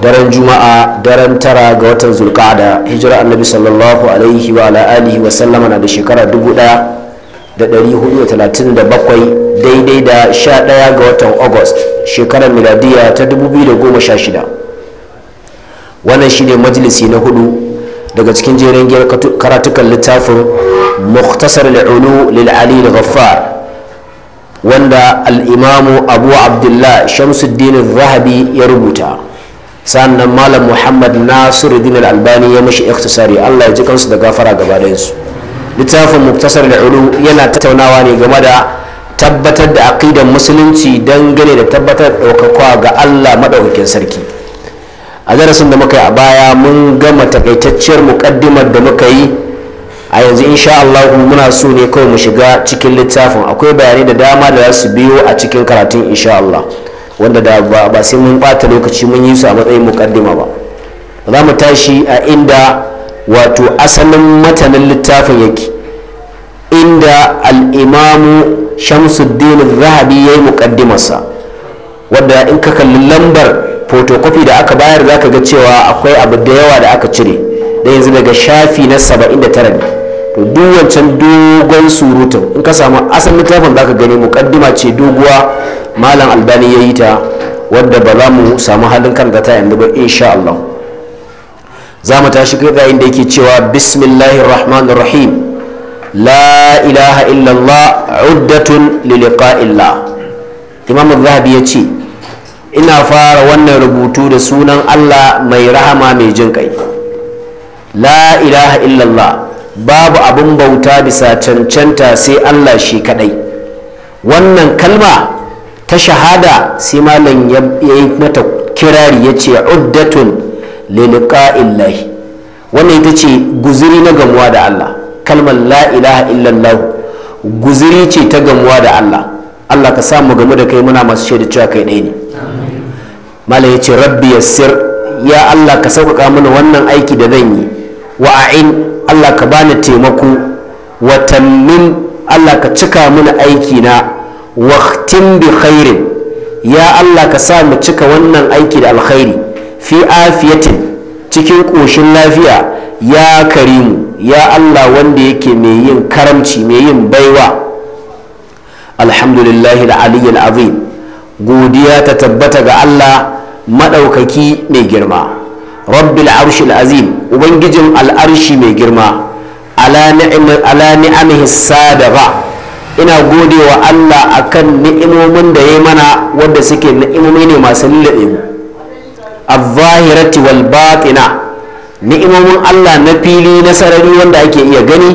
daren juma'a daren tara ga watan zulqa'ada hijira annabi sallallahu alaihi wa ala alihi wa sallama na da shekara 1437 daidai da 11 ga watan august shekarar miladiya ta 2016 wannan shine majalisi na hudu daga cikin jerin karatukan littafin muktasar al'ulu lil'ali da ghaffar wanda al'imamu abu abdullah shamsuddin zahabi ya rubuta sannan malam muhammad nasiru al-albani ya mashi ikhtisari allah ya ji kansu da gafara gaba su littafin muktasar da ulu yana tattaunawa ne game da tabbatar da aqidan musulunci dangane da tabbatar ɗaukakwa ga allah maɗaukakin sarki a darasin da muka yi a baya mun gama takaitacciyar muƙaddimar da muka yi a yanzu insha Allah muna so ne kawai mu shiga cikin littafin akwai bayanai da dama da za su biyo a cikin karatun insha Allah wanda da ba sai mun bata lokaci mun yi su a matsayin mukaddima ba za mu tashi a inda wato asalin matanin littafin yake inda al'imamu shamsuddin rahabi ya yi mukaddimarsa wadda in ka kalli lambar photocopy da aka bayar za ka ga cewa akwai abu da yawa da aka cire da yanzu daga shafi na 79 ne to duk wancan dogon surutun in ka samu asalin littafin za ka gani mukaddima ce doguwa malam albani ya yi ta wadda ba za mu samu halin karanta ta yanzu ba insha Allah za mu tashi kai tsayin da yake cewa bismillahir rahmanir rahim la ilaha illallah uddatun li liqa'illah imam zahabi ya ce ina fara wannan rubutu da sunan Allah mai rahama mai jin kai la ilaha illallah babu abin bauta bisa cancanta sai Allah shi kadai wannan kalma ta shahada sai malam ya yi mata kirari ya ce uddatun liliqa'illahi wannan ita ce guziri na gamuwa da Allah kalmar la ilaha illallah guziri ce ta gamuwa da Allah Allah ka samu gamu da kai muna masu shaida cewa kai ɗaya ne malam ya ce rabbi yassir ya Allah ka sauƙaƙa mana wannan aiki da zan yi wa a'in Allah ka bani taimako wa tammin Allah ka cika mana aiki na waktin bi khairin ya Allah ka sa mu cika wannan aiki da alkhairi fi afiyatin cikin ƙoshin lafiya ya karimu ya Allah wanda yake mai yin karamci mai yin baiwa alhamdulillahi da aliyyar azim godiya ta tabbata ga Allah maɗaukaki mai girma rabbil arshil azim ubangijin al'arshi mai girma ala ni'amihi sadaqa ina gode wa Allah kan ni'imomin da ya mana wanda suke ni'imomi ne masu lullaɓe mu zahirati wal batina ni'imomin Allah na fili na sarari wanda ake iya gani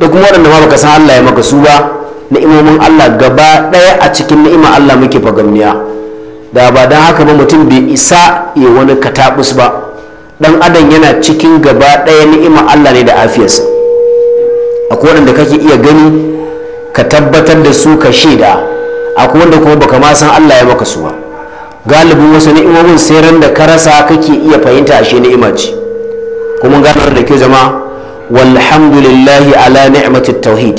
da kuma waɗanda ma baka san Allah ya maka su ba ni'imomin Allah gaba ɗaya a cikin ni'ima Allah muke fagamniya da ba don haka ba mutum bai isa ya wani katabus ba dan adam yana cikin gaba ɗaya ni'ima Allah ne da afiyarsa akwai waɗanda kake iya gani ka tabbatar da su ka shaida akwai wanda kuma baka ma san Allah ya maka su ba galibin wasu ni'imomin sai ran da ka rasa kake iya fahimta ashe ni'ima ce kuma gano da ke zama walhamdulillahi ala ni'matit tauhid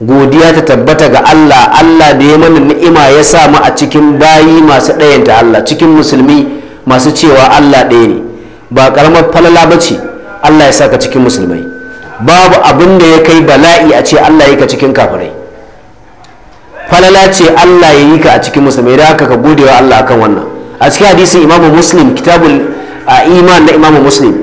godiya ta tabbata ga Allah Allah da ya mana ni'ima ya sa mu a cikin bayi masu ɗayanta Allah cikin musulmi masu cewa Allah ɗaya ne ba karamar falala ba ce Allah ya sa ka cikin musulmai babu abin da ya kai bala'i a ce Allah ya ka cikin kafirai falala ce Allah ya yi ka a cikin musulmai idan haka ka gode wa Allah akan wannan a cikin hadisin imamu muslim kitabul a iman na imamu muslim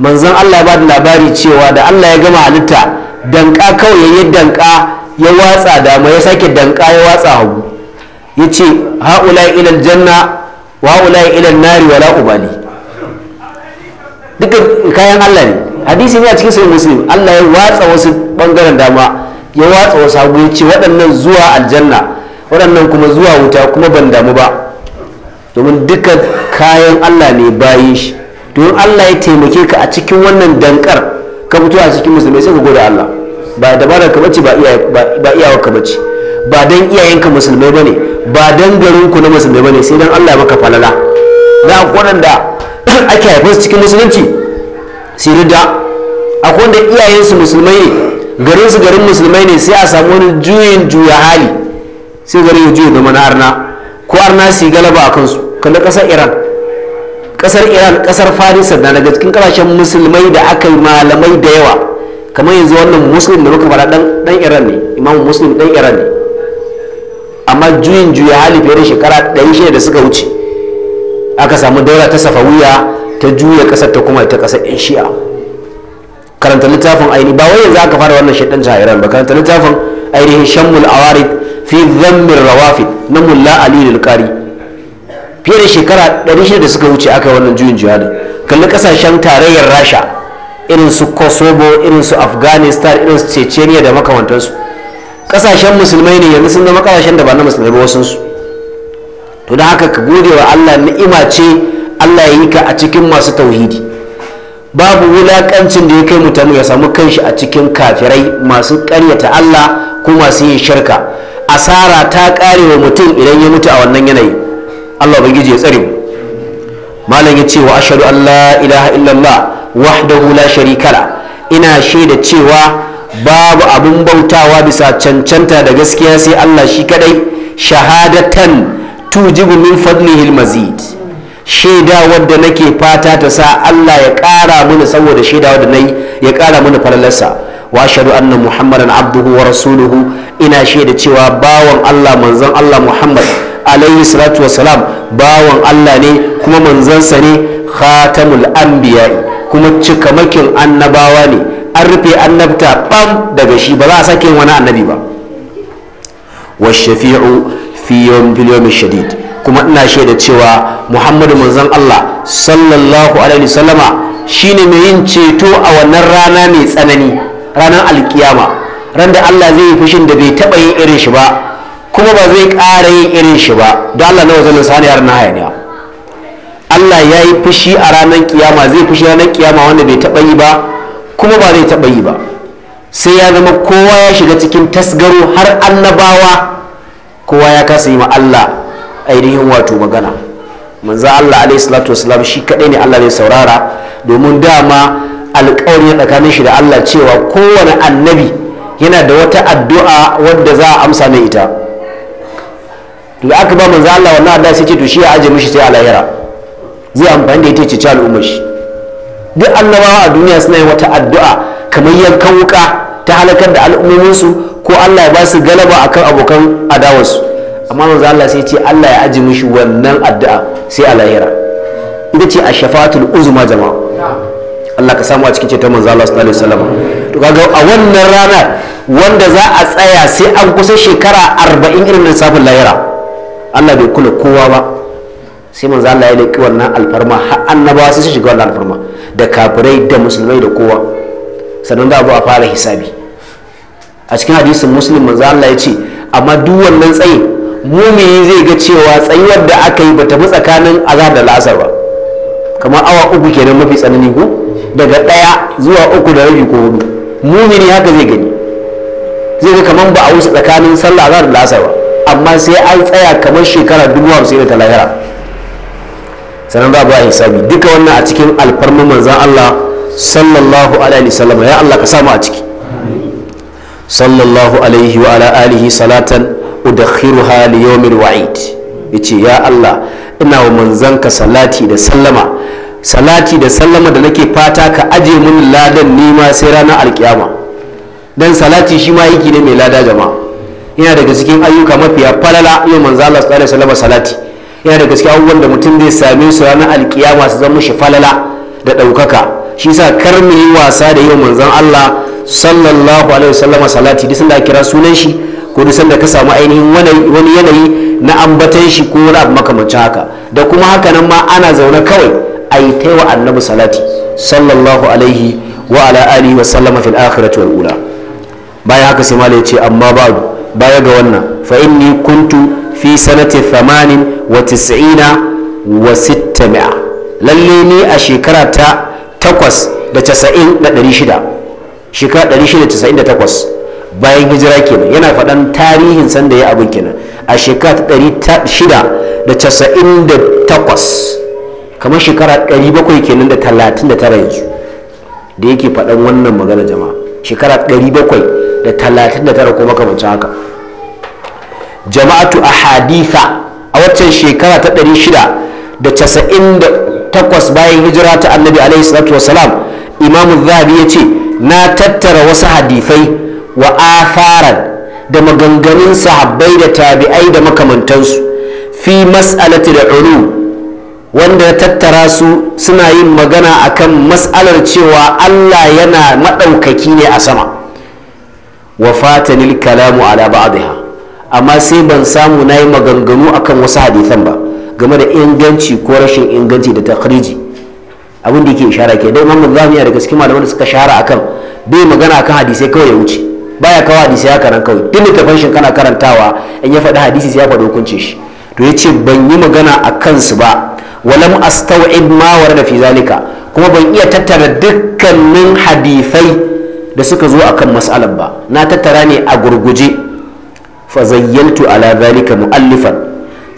manzon Allah ya ba da labari cewa da Allah ya gama halitta danka kawai ya yi danka ya watsa dama ya sake danka ya watsa hagu ya ce ha'ula ilal janna wa ha'ula ilal nari wala ubali duka kayan Allah ne hadisi ne a cikin sahih muslim Allah ya watsa wasu bangaren dama ya watsa wasu hagu ya ce waɗannan zuwa aljanna waɗannan kuma zuwa wuta kuma ban damu ba domin duka kayan allah ne bayan shi domin allah ya taimake ka a cikin wannan dankar ka fito a cikin musulmai sai ka gode allah ba da ba ka bace ba iyawar ka bace ba dan iyayenka musulmai bane ba dan ku na musulmai bane sai dan allah maka falala na da ake haifar cikin musulunci sai da akwai wanda iyayensu musulmai ne garin su garin musulmai ne sai a samu wani juyin juya hali sai garin ya juya zama na arna ko arna su galaba a kansu kalli kasar iran kasar iran kasar farisa na daga cikin kasashen musulmai da aka yi malamai da yawa kamar yanzu wannan muslim da muka fara dan iran ne imam muslim dan iran ne amma juyin juya hali fiye da shekara shida da suka wuce aka samu daura ta safawiya ta juya kasar ta kuma ta kasar yan shi'a karanta littafin aini ba wai yanzu aka fara wannan shaidan shahiran ba karanta littafin ainihin shammul awarid fi zambin rawafi na mulla ali da qari fiye da shekara 600 da suka wuce aka yi wannan juyin jihadi kalli kasashen tarayyar rasha irin su kosovo irin su afghanistan irin su chechenia da makamantansu kasashen musulmai ne yanzu sun zama kasashen da ba na musulmai ba wasunsu to da haka ka gode wa allah ni'ima ce allah ya yi ka a cikin masu tauhidi babu wulakancin da ya kai mutum ya samu kanshi a cikin kafirai masu karyata Allah ko masu yin shirka asara ta kare wa mutum idan ya mutu a wannan yanayi Allah ubangiji ya tsare mu malam ya ce wa ashhadu an la ilaha illallah wahdahu la sharika la ina shaida cewa babu abin bautawa bisa cancanta da gaskiya sai Allah shi kadai shahadatan tujibu min fadlihi al-mazid shaida wadda nake fata ta sa Allah ya ƙara mini saboda shaida wadda nayi ya ƙara mini falalarsa wa shaidu anna muhammadan abduhu wa rasuluhu ina shaida cewa bawan Allah manzon Allah Muhammad alaihi salatu wassalam bawan Allah ne kuma manzansa ne khatamul anbiya kuma cikamakin annabawa ne an rufe annabta bam daga shi ba za a sake wani annabi ba wa shafi'u fi yawm shadid kuma ina shaida cewa muhammadu manzon Allah sallallahu alaihi wasallama shine mai yin ceto a wannan rana mai tsanani ranar alkiyama ran da Allah zai yi fushin da bai taba yin irin shi ba kuma ba zai ƙara yin irin shi ba don Allah na wazanin saniyar na hayaniya Allah ya yi fushi a ranar kiyama zai fushi ranar kiyama wanda bai taba yi ba kuma ba zai taba yi ba sai ya zama kowa ya shiga cikin tasgaro har annabawa kowa ya kasa yi ma Allah ainihin wato magana manzo Allah alaihi salatu wasallam shi kadai ne Allah zai saurara domin dama alƙawari tsakanin shi da Allah cewa kowane annabi yana da wata addu'a wadda za a amsa mai ita to da aka ba manzo Allah wannan addu'a sai ce to shi ya aje mishi sai a lahira zai amfani da ita ce cal shi duk annabawa a duniya suna yin wata addu'a kamar yankan wuka ta halakar da al'ummominsu ko Allah ya ba su galaba akan abokan adawarsu amma manzo Allah sai ce Allah ya aji mishi wannan addu'a sai a lahira ita ce a shafatul uzma jama'a Allah ka samu a cikin ceton manzo Allah sallallahu alaihi wasallam to kaga a wannan rana wanda za a tsaya sai an kusa shekara 40 irin lissafin lahira Allah bai kula kowa ba sai manzo Allah ya leki wannan alfarma har annabawa sai su shiga wannan alfarma da kafirai da musulmai da kowa sannan da abu a fara hisabi a cikin hadisin muslim manzo Allah ya ce amma duk wannan tsayin mumini zai ga cewa tsayuwar da aka yi bata bi tsakanin azar da la'asar ba kamar awa uku kenan mafi tsanani ko daga ɗaya zuwa uku da rabi ko hudu mumini haka zai gani zai ga kamar ba a wusa tsakanin sallah azar da la'asar ba amma sai an tsaya kamar shekara dubu hamsin da talahira sannan babu a hisabi duka wannan a cikin alfarmar manzan Allah sallallahu alaihi wasallam ya Allah ka samu a ciki sallallahu alaihi wa ala alihi salatan udakhiruha li yawmil wa'id yace ya Allah ina wa manzanka salati da sallama salati da sallama da nake fata ka aje mun ladan nima sai ranar alkiyama dan salati shi ma yake ne mai lada jama'a yana daga cikin ayyuka mafiya falala yau manzo Allah sallallahu alaihi wasallam salati yana daga cikin abubuwan da mutum zai same su ranar alkiyama su zama shi falala da ɗaukaka shi yasa kar mu yi wasa da yau manzon Allah sallallahu alaihi wasallam salati duk da kira sunan shi ko duk sanda ka samu ainihin wani yanayi na ambaton shi ko wani abu makamancin haka da kuma haka nan ma ana zaune kawai a yi ta wa annabi salati sallallahu alaihi wa ala alihi wa sallama fil akhirati wal ula bayan haka sai malai ce amma babu baya ga wannan fa inni kuntu fi sanati 98 wa 600 lalle ni a shekara ta 8 da 90 da 600 shekara 698 bayan hijira kenan yana faɗan tarihin sanda ya abin kenan a shekara ta shida da casa'in da takwas kamar shekara ɗari bakwai kenan da talatin da tara yanzu da yake faɗan wannan magana jama'a shekara ɗari bakwai da talatin da tara ko makamancin haka jama'atu a haditha a waccan shekara ta ɗari shida da casa'in da takwas bayan hijira ta annabi alaihi salatu wasalam imamu zabi ya ce na tattara wasu hadithai wa afarar da maganganun sahabbai da tabi'ai da makamantansu fi mas'alati da ulu wanda ya tattara su suna yin magana akan mas'alar cewa Allah yana maɗaukaki ne a sama wa fatanil kalamu ala ba'daha amma sai ban samu na yi maganganu akan wasu hadisan ba game da inganci ko rashin inganci da takhriji abin da yake ishara ke dai Imam Zamiya da gaske malaman da suka shara akan bai magana akan hadisai kawai ya wuce baya kawo hadisi haka nan kawai duk littafin shi kana karantawa in ya faɗi hadisi sai ya faɗi hukunci shi to ya ce ban yi magana a kansu ba walam astaw'ib ma warada fi zalika kuma ban iya tattara dukkanin hadisai da suka zo a kan mas'alar ba na tattara ne a gurguje fa zayyantu ala zalika mu'allifan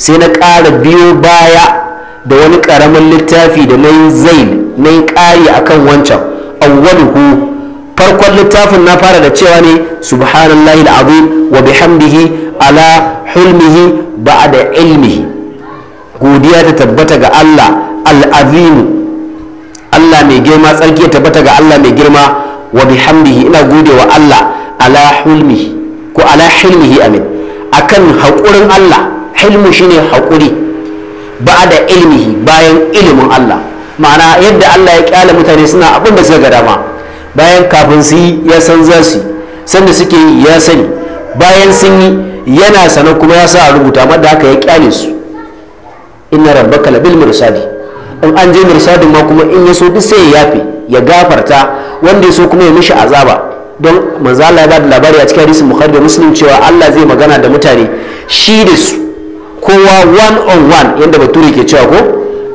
sai na ƙara biyo baya da wani ƙaramin littafi da na zain na yi ƙari akan wancan awwaluhu farkon littafin na fara da cewa ne subhanallahi al'azim wa bihamdihi ala hulmihi ba'da ilmihi godiya ta tabbata ga Allah al'azim Allah mai girma tsarki ya tabbata ga Allah mai girma wa bihamdihi ina gode wa Allah ala hulmihi ko ala hilmihi amin akan haƙurin Allah hilmu shine haƙuri ba da ilmihi bayan ilimin Allah ma'ana yadda Allah ya kyale mutane suna abin da suka ga dama bayan kafin su yi ya san za su sanda suke yi ya sani bayan sun yi yana sanar kuma ya sa a rubuta amma da haka ya kyale su inna rabbaka labil mirsadi in an je mirsadin ma kuma in ya so duk sai ya yafe ya gafarta wanda ya so kuma ya mishi azaba don manzo Allah da labari a cikin hadisi Bukhari da Muslim cewa Allah zai magana da mutane shi da su kowa one on one yanda bature ke cewa ko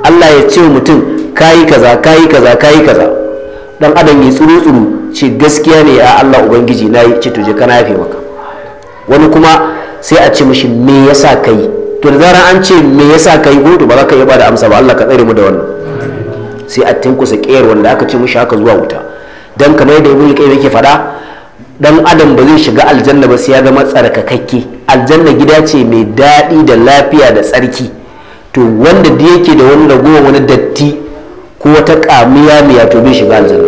Allah ya ce mutum kayi kaza kayi kaza kai kaza dan adam ya tsuru tsuru ce gaskiya ne a Allah ubangiji na yi ce to kana yafe maka wani kuma sai a ce mishi me yasa kai to da zarar an ce me yasa kai ko to ba za ka iya da amsa ba Allah ka tsare mu da wannan sai a tinkusa kiyar wanda aka ce mishi haka zuwa wuta dan kamar yadda ibnu qayyim yake faɗa dan adam ba zai shiga aljanna ba sai ya zama tsarkakakke aljanna gida ce mai daɗi da lafiya da tsarki to wanda da yake da wani ragowar wani datti ko wata kamiya mai ya bai shiga aljanna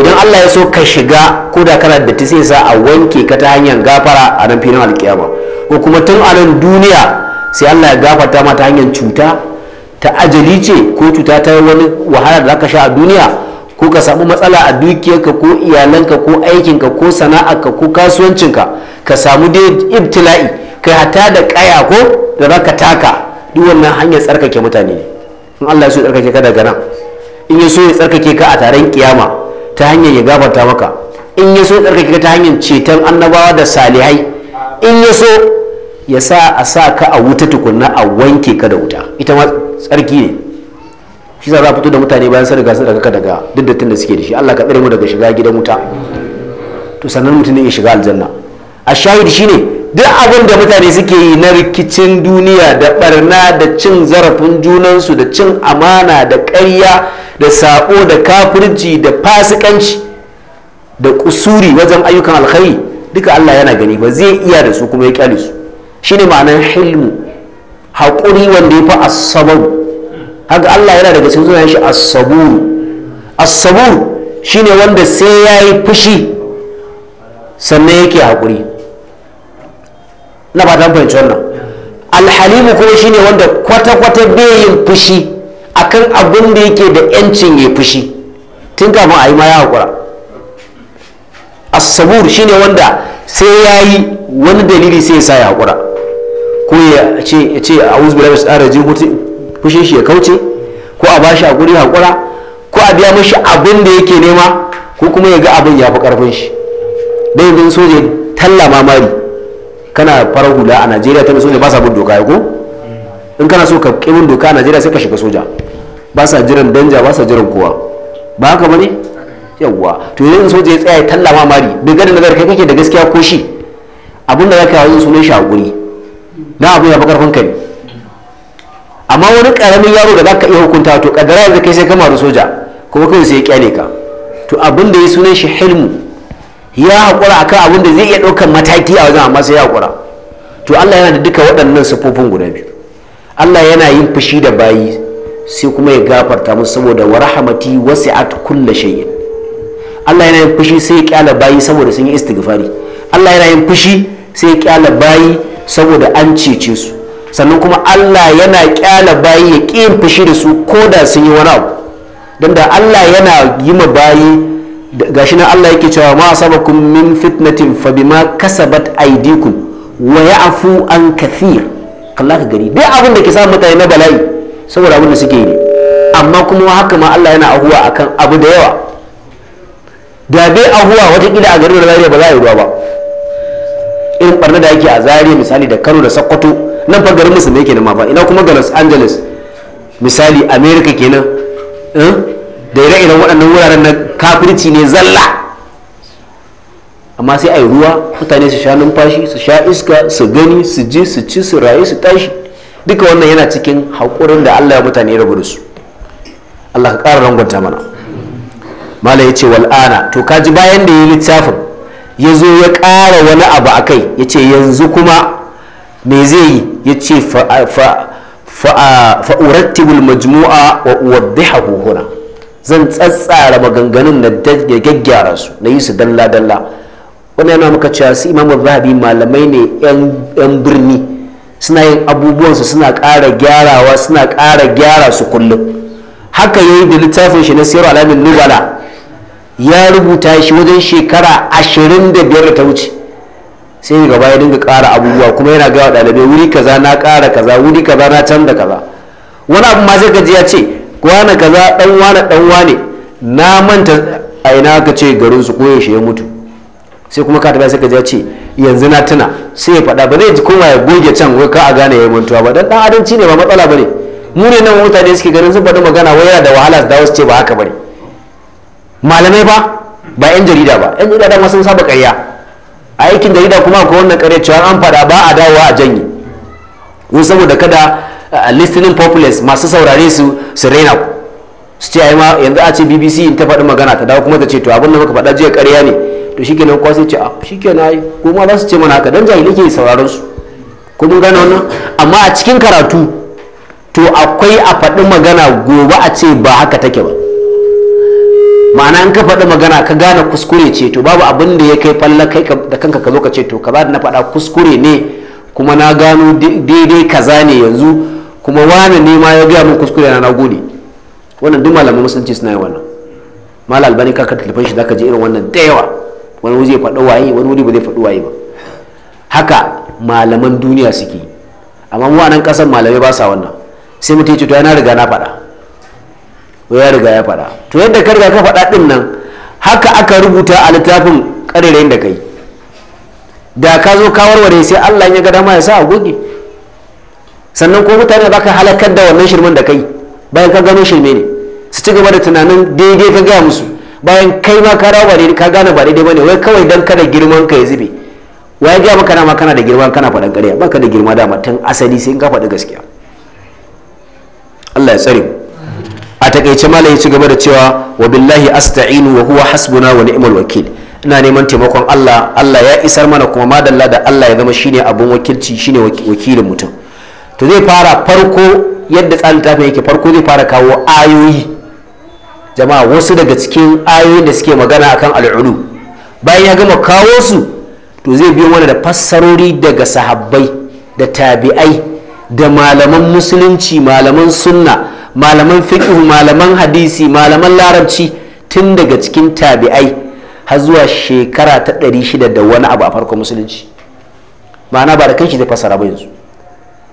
idan Allah ya so ka shiga ko da kana da ta sai sa a wanke ka ta hanyar gafara a nan filin alkiyama ko kuma tun a nan duniya sai Allah ya gafarta ma ta hanyar cuta ta ajali ce ko cuta ta wani wahala da zaka sha a duniya ko ka samu matsala a dukiyarka ko iyalanka ko aikinka ko sana'arka ko kasuwancinka ka samu dai ibtila'i kai hata da kaya ko da zaka taka duk wannan hanyar tsarkake mutane ne in Allah ya so ya tsarkake ka daga nan in ya so ya tsarkake ka a taron kiyama ta hanyar ya gafarta maka in ya so ya tsarkake ka ta hanyar ceton annabawa da salihai in ya so ya sa a sa ka a wuta tukunna a wanke ka da wuta ita ma tsarki ne shi za a fito da mutane bayan sun riga sun daga daga duk da suke da shi Allah ka tsare mu daga shiga gidan wuta to sannan mutum ne ya shiga aljanna a shahid shine duk abin da mutane suke yi na rikicin duniya da barna da cin zarafin junansu da cin amana da ƙarya da sabo da kafirci da fasikanci da kusuri wajen ayyukan alkhairi duka Allah yana gani ba zai iya da su kuma ya kyale su shine ma'anar hilmu haƙuri wanda ya fi asabaru haka Allah yana daga cikin sunan shi asaburu asaburu shine wanda sai ya yi fushi sannan yake haƙuri na ba ta fahimci wannan alhalimu kuma shine wanda kwata-kwata bai yin fushi akan abin da yake da yancin ya fushi tun kafin a yi ma ya haƙura asabur shine wanda sai ya yi wani dalili sai ya sa ya haƙura ko ya ce a uzbila da tsara jin shi ya kauce ko a bashi a guri haƙura ko a biya mashi abin da yake nema ko kuma ya ga abin ya fi karfin shi dai yanzu soja talla mamari kana farar hula a najeriya ta soja ba sa bin doka ya ko in kana so ka kimin doka a najeriya sai ka shiga soja ba sa jiran danja ba sa jiran kowa ba haka ba ne yawwa to yanzu soja ya tsaya ya talla ma mari bai gani nazar kai kake da gaskiya ko shi abin da za ka yi sunan shi a guri na abu ya bakar hankali amma wani karamin yaro da za ka iya hukunta to kadara yanzu kai sai kama da soja kuma kai sai ya kyale ka to abin da ya sunan shi hilmu ya haƙura akan abin da zai iya ɗaukar mataki a wajen amma sai ya haƙura to Allah yana da duka waɗannan siffofin guda biyu Allah yana yin fushi da bayi sai kuma ya gafarta musu saboda wa rahamati wasi'at kulli shay'in Allah yana yin fushi sai ya kyala bayi saboda sun yi istighfari Allah yana yin fushi sai ya kyala bayi saboda an cece su sannan kuma Allah yana kyala bayi ya ƙi yin fushi da su ko da sun yi wani abu don da Allah yana yi ma bayi gashi na Allah yake cewa ma asabakum min fitnatin fa bima kasabat aydikum wa ya'fu an kathir kalla ka gari duk abin da ke samu mutane na bala'i saboda abin da suke yi amma kuma haka ma Allah yana ahuwa akan abu da yawa da bai ahuwa watakila a garin Zariya ba za a yi ruwa ba irin barna da yake a Zariya misali da Kano da Sokoto nan fa garin musulmai da ma ba ina kuma ga Los Angeles misali America kenan eh? da ire-iren waɗannan wuraren na kafirci ne zalla amma sai a yi ruwa mutane su sha numfashi su sha iska su gani su ji su ci su rayu su tashi duka wannan yana cikin haƙurin da allah ya mutane rabu da su allah ka ƙara rangwanta mana mala ya ce wal'ana to kaji bayan da ya yi littafin ya zo ya ƙara wani abu a kai ya ce yanzu kuma me zai yi ya ce fa'urattibul majmu'a wa uwaddihahu huna zan tsatsara maganganun na gaggyara su na yi su dalla dalla wannan yana maka cewa su imamu zahabi malamai ne yan birni suna yin abubuwansu suna ƙara gyarawa suna ƙara gyara su kullum haka ya yi da littafin shi na siyar alamin nubala ya rubuta shi wajen shekara ashirin da biyar da ta wuce sai gaba ya dinga ƙara abubuwa kuma yana gawa ɗalibai wuri kaza na ƙara kaza wuri kaza na canza kaza wani abu ma zai gaji ya ce wane kaza dan wane dan wane na manta a ina ka ce garin su koyaushe ya mutu sai kuma katabai sai ka ce yanzu na tuna sai ya faɗa ba zai ji koma ya goge can wai ka a gane ya mantuwa ba dan dan adanci ne ba matsala bane mu ne nan mutane suke garin sun faɗi magana wai yana da wahala su dawo su ce ba haka bane malamai ba ba yan jarida ba yan jarida ma sun saba karya a aikin jarida kuma akwai wannan karya cewa an faɗa ba a dawowa a janye don saboda kada Ah, listening populace masu saurare su su raina su ce ayi ma yanzu a ce bbc in ta faɗi magana ta dawo kuma ta ce to abin da muka faɗa jiya ƙarya ne to shi kenan kwasi ce a ah, kenan ai ko ma za su ce mana haka dan jahili ke sauraron su ko mun gane wannan amma a cikin karatu to akwai a faɗi magana gobe a ce ba haka take ba ma'ana in ka faɗi magana ka gane kuskure ce to babu abin da ya kai falla kai da kanka ka zo ka ce to kaza da na faɗa kuskure ne kuma na gano daidai kaza ne yanzu kuma wani ne ma ya gaya min kuskure na nagode wannan duk malaman musulunci suna yi wannan mal albani ka tilifin shi zaka ji irin wannan da yawa wani wuri zai faɗi waye wani wuri ba zai faɗi waye ba haka malaman duniya suke amma mu a nan ƙasar malamai ba sa wannan sai mutum ce to yana riga na faɗa ko ya riga ya faɗa to yadda ka riga ka faɗa ɗin nan haka aka rubuta a littafin ƙarerayin da kai da ka zo ka warware sai allah ya ga dama ya sa a goge sannan ko mutane ba ka halakar da wannan shirmin da kai bayan ka gano shirme ne su ci gaba da tunanin daidai ka gaya musu bayan kai ma ka rawa ne ka gane ba daidai ne wai kawai dan kada girman ka ya zube wai gaya maka na ma kana da girma kana faɗan ƙarya ka da girma dama tun asali sai ka faɗi gaskiya Allah ya tsare mu a takaice ma ya ci gaba da cewa wa billahi asta'inu wa huwa hasbuna wa ni'mal wakil ina neman taimakon Allah Allah ya isar mana kuma madalla da Allah ya zama shine abun wakilci shine wakilin mutum to zai fara farko yadda tsarin littafin yake farko zai fara kawo ayoyi jama'a wasu daga cikin ayoyin da suke magana akan al'ulu bayan ya gama kawo su to zai biyo wani da fassarori daga sahabbai da tabi'ai da malaman musulunci malaman sunna malaman fiqh malaman hadisi malaman larabci tun daga cikin tabi'ai har zuwa shekara ta 600 da wani abu a farkon musulunci ma'ana ba da kanshi zai fassara ba yanzu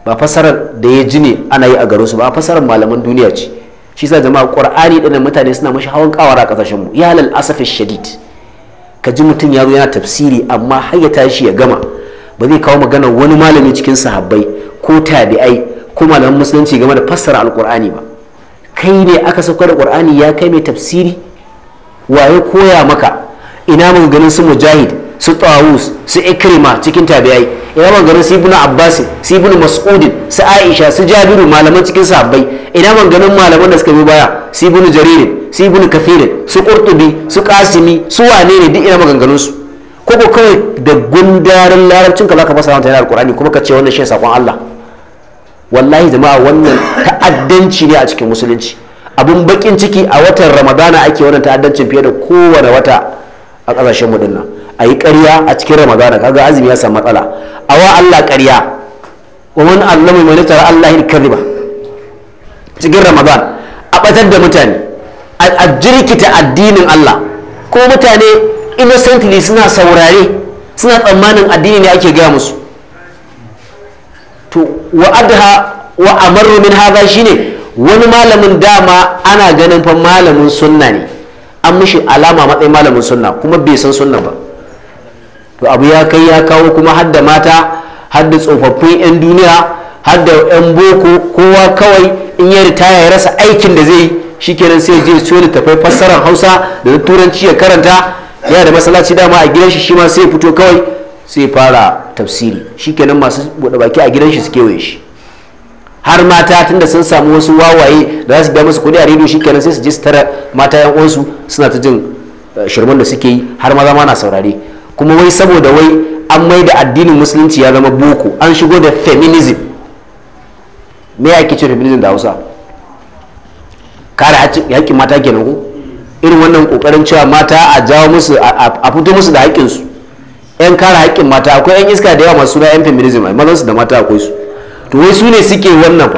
ba fasarar da ya ji ne ana yi a garin su ba fasarar malaman duniya ce shi sa jama'a qur'ani din mutane suna mashi hawan kawara a kasashen mu ya lal asaf shadid ka ji mutum ya zo yana tafsiri amma har ya tashi ya gama ba zai kawo magana wani malami cikin sahabbai ko tabi'ai ko malaman musulunci game da fassara alqur'ani ba kai ne aka saukar da qur'ani ya kai mai tafsiri waye koya maka ina mun ganin su mujahid su tawus su ikrima cikin tabi'ai ina maganganun su sibuna abbas su mas'ud su aisha su jabiru malaman cikin sahabbai ina ganin malaman da suka bi baya su jarir su kafir su qurtubi su qasimi su wane ne duk ina maganganun su ko ko kai da gundarin larabcin ka zaka fasa wannan alqur'ani kuma ka ce wannan shi sakon Allah wallahi jama'a wannan ta'addanci ne a cikin musulunci abun bakin ciki a watan ramadana ake wannan ta'addancin fiye da kowane wata a ƙasashen mu dinnan a yi ƙarya a cikin ramadana kaga azumi ya samu matsala wa allah ƙarya wa wani allama mai tara allah yin kadhiba cikin ramadan a batar da mutane a jirkita addinin allah ko mutane innocently suna saurare suna tsammanin addini ne ake gaya musu to wa adha wa amaru min hadha shine wani malamin dama ana ganin fa malamin sunna ne an mishi alama matsayin malamin sunna kuma bai san sunna ba to abu ya kai ya kawo kuma hadda mata hadda tsofaffin 'yan duniya hadda 'yan boko kowa kawai in ya ritaya ya rasa aikin da zai shi kenan sai je siyo tafai fassarar hausa da turanci ya karanta yana da masallaci dama a gidan shi ma sai fito kawai sai fara tafsiri shi kenan masu buɗe baki a gidan shi su kewaye shi har mata tunda sun samu wasu wawaye da za su biya musu kuɗi a rediyo shi kenan sai su je su tara mata yan uwansu suna ta jin eh, shirman da suke yi har maza ma na saurare kuma wai saboda wai an mai da addinin musulunci ya zama boko an shigo da feminism me ya ce feminism da hausa kare haƙƙin mata kenan ko irin wannan ƙoƙarin cewa mata a jawo musu a fito musu da haƙƙinsu yan kare haƙƙin mata akwai yan iska da yawa masu suna yan feminism a mazansu da mata akwai su to wai su ne suke wannan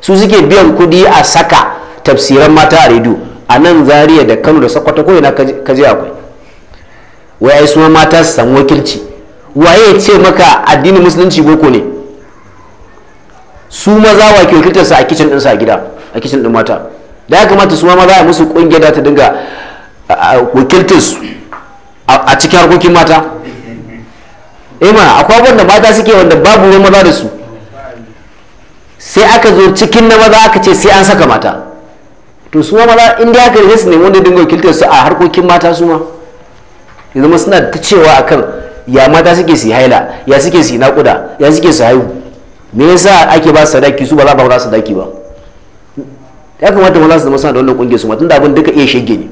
su suke biyan kuɗi a saka tafsiran mata a rediyo a nan zaria da kano da sokoto ko ina kaje akwai wai su mata su samu wakilci waye ce maka addinin musulunci boko ne su maza wa ke wakiltarsa a kicin ɗinsa a gida a kicin ɗin mata da ya kamata su ma maza ya musu ƙungiyar da ta dinga wakiltar su a cikin harkokin mata ima eh akwai abin da mata suke wanda babu ruwan maza da su sai aka zo cikin na maza aka ce sai an saka mata to su ma maza inda aka rage su ne wanda dinga wakiltar su a harkokin mata su ma ya zama suna ta cewa akan ya mata suke su haila ya suke su naƙuda ya suke su haihu me yasa ake ba sadaki su ba za ba su sadaki ba ya kamata za su zama suna da wannan kungiyar su ma tunda abin duka iya shege ne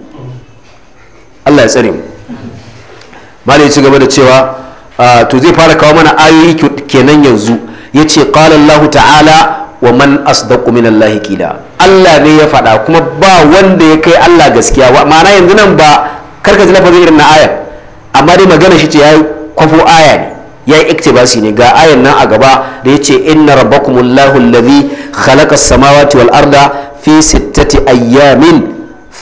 Allah ya tsare mu ya ci gaba da cewa ah, to zai fara kawo mana ayoyi kenan yanzu ce ƙalan lahu ta'ala wa man asdaqu min Allah qila Allah ne ya faɗa kuma ba wanda ya kai Allah gaskiya ma'ana yanzu nan ba karka ji lafazin irin na ayar amma dai magana shi ce ya kwafo aya ne ya yi iktibasi ne ga ayan nan a gaba da ya ce inna rabbakumullahu alladhi khalaqa as-samawati wal arda fi sittati ayyamin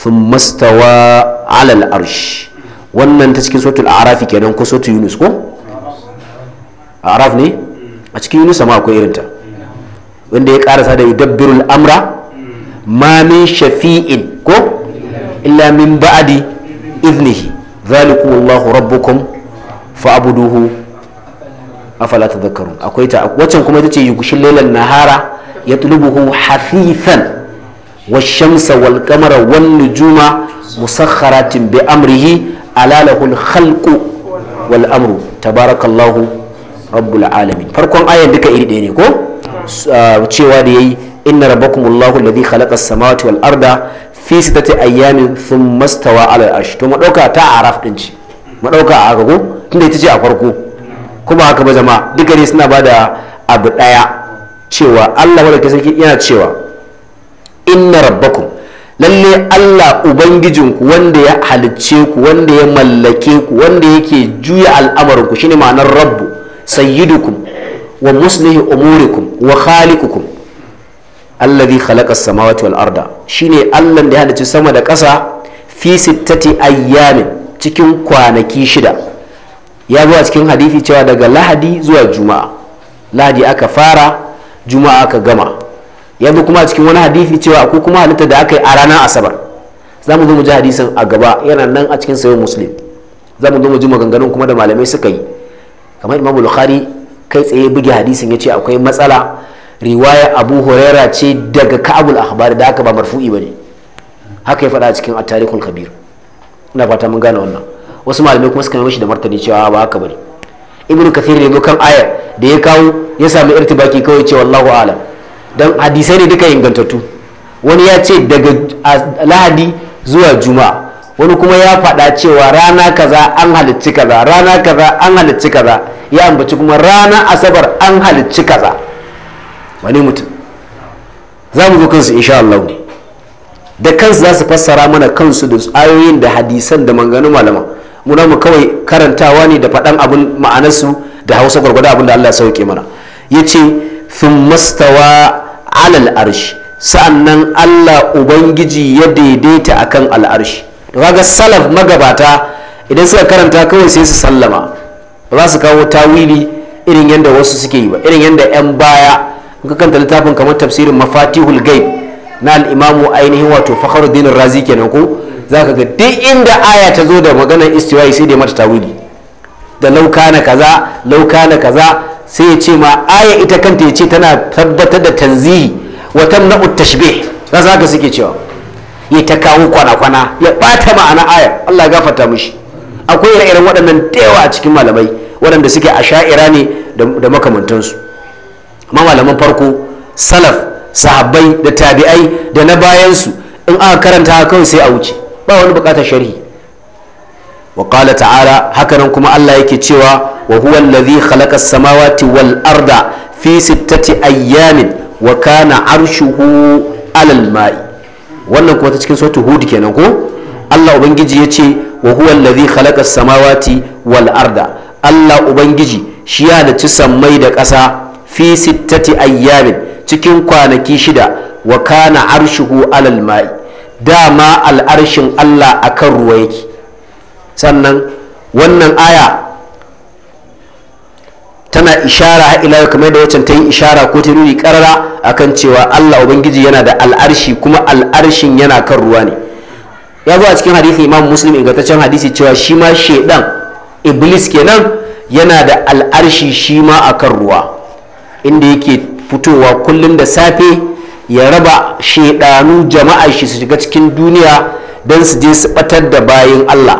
thumma stawa 'ala al-arsh wannan ta cikin suratul a'raf kenan ko suratul yunus ko a'raf ne a cikin yunus amma akwai irinta wanda ya karasa da yudabbirul amra ma min shafi'in ko illa min ba'di iznihi zaliku wallahu rabbukum fa'buduhu afala tadhakkarun akwai ta waccan kuma tace yughshil laylan nahara yatlubuhu hafifan wash-shamsa wal-qamara wan-nujuma musakhkharatin bi amrihi ala lahu al-khalqu wal-amru tabarakallahu rabbul alamin farkon ayan duka iri ɗaya ne ko ah, cewa da yayi inna rabbakumullahu alladhi khalaqa as-samawati wal-arda fi sitati ayyamin sun mastawa alal to madauka ta araf din ci madauka a rago tunda ita ce a farko kuma haka ba zama duka ne suna ba da abu daya cewa Allah ke sarki yana cewa inna rabbakum lalle Allah ubangijinku wanda ya halicce ku wanda ya mallake ku wanda yake juya al'amarinku shine ma'anar rabbu sayyidukum wa muslihi umurikum wa khaliqukum allazi khalaqa samawati wal arda shine Allah da ya halicci sama da ƙasa fi sittati ayyamin cikin kwanaki shida ya zuwa cikin hadisi cewa daga lahadi zuwa juma'a lahadi aka fara juma'a aka gama ya zo kuma cikin wani hadisi cewa akwai kuma halitta da aka yi a ranar asabar za mu zo mu ji hadisin a gaba yana nan a cikin sayin muslim za mu zo mu ji maganganun kuma da malamai suka yi kamar imamu bukhari kai tsaye buge hadisin ya ce akwai matsala riwaya abu huraira ce daga ka'abul akhbar da haka ba marfu'i bane haka ya faɗa cikin at-tarikhul kabir ina fata mun gane wannan wasu malamai kuma suka mishi da martani cewa ba haka bane ibnu kathir ne kan aya da ya kawo ya samu irtibaki kawai cewa wallahu alam dan hadisai ne duka ingantattu wani ya ce daga lahadi zuwa juma'a wani kuma ya faɗa cewa rana kaza an halicci kaza rana kaza an halicci kaza ya ambaci kuma rana asabar an halicci kaza wani mutum za mu zo kansu insha Allah da kansu za su fassara mana kansu da ayoyin da hadisan da manganin malama muna mu kawai karantawa ne da faɗan abin ma'anarsu da hausa gwargwada abin da Allah ya sauke mana ya ce fin mastawa alal arshi sa'annan Allah ubangiji ya daidaita akan al'arshi to kaga salaf magabata idan suka karanta kawai sai su sallama ba za su kawo tawili irin yadda wasu suke yi ba irin yadda 'yan baya ka kanta littafin kamar tafsirin mafatihul gaib na al'imamu ainihin wato fakhruddin razi kenan ko zaka ga duk inda aya ta zo da maganar istiwa'i sai dai mata tawili da lauka na kaza lauka na kaza sai ya ce ma aya ita kanta ya ce tana tabbatar da tanzihi wa tamna'u tashbih za su haka suke cewa ya ta kawo kwana-kwana ya bata ma'ana aya Allah gafarta mushi? akwai ire-iren waɗannan da a cikin malamai waɗanda suke a sha'ira ne da makamantansu malaman farko salaf sahabbai da tabi'ai da na bayansu in aka karanta kawai sai a wuce ba wani bukatar sharhi wa qala ta'ala hakanan kuma Allah yake cewa wa huwa allazi khalaqa as-samawati wal arda fi sittati ayyamin wa kana arshuhu alal ma'i wannan kuma ta cikin suratul hud kenan ko Allah ubangiji yace wa huwa allazi khalaqa as-samawati wal arda Allah ubangiji shi ya da ci sammai da ƙasa fi sittati ayyamin cikin kwanaki shida wa kana arshuhu alal ma'i dama al'arshin Allah akan ruwa yake sannan wannan aya tana ishara ila kamar da wacce ta yi ishara ko ta nuni karara akan cewa Allah ubangiji yana da al'arshi kuma al'arshin yana kan ruwa ne ya zo a cikin hadisi imam muslim ingantaccen hadisi cewa shi ma shedan iblis kenan yana da al'arshi shi ma akan ruwa inda yake fitowa kullum da safe ya raba shaidanu jama'a shi su shiga cikin duniya don su je su batar da bayan Allah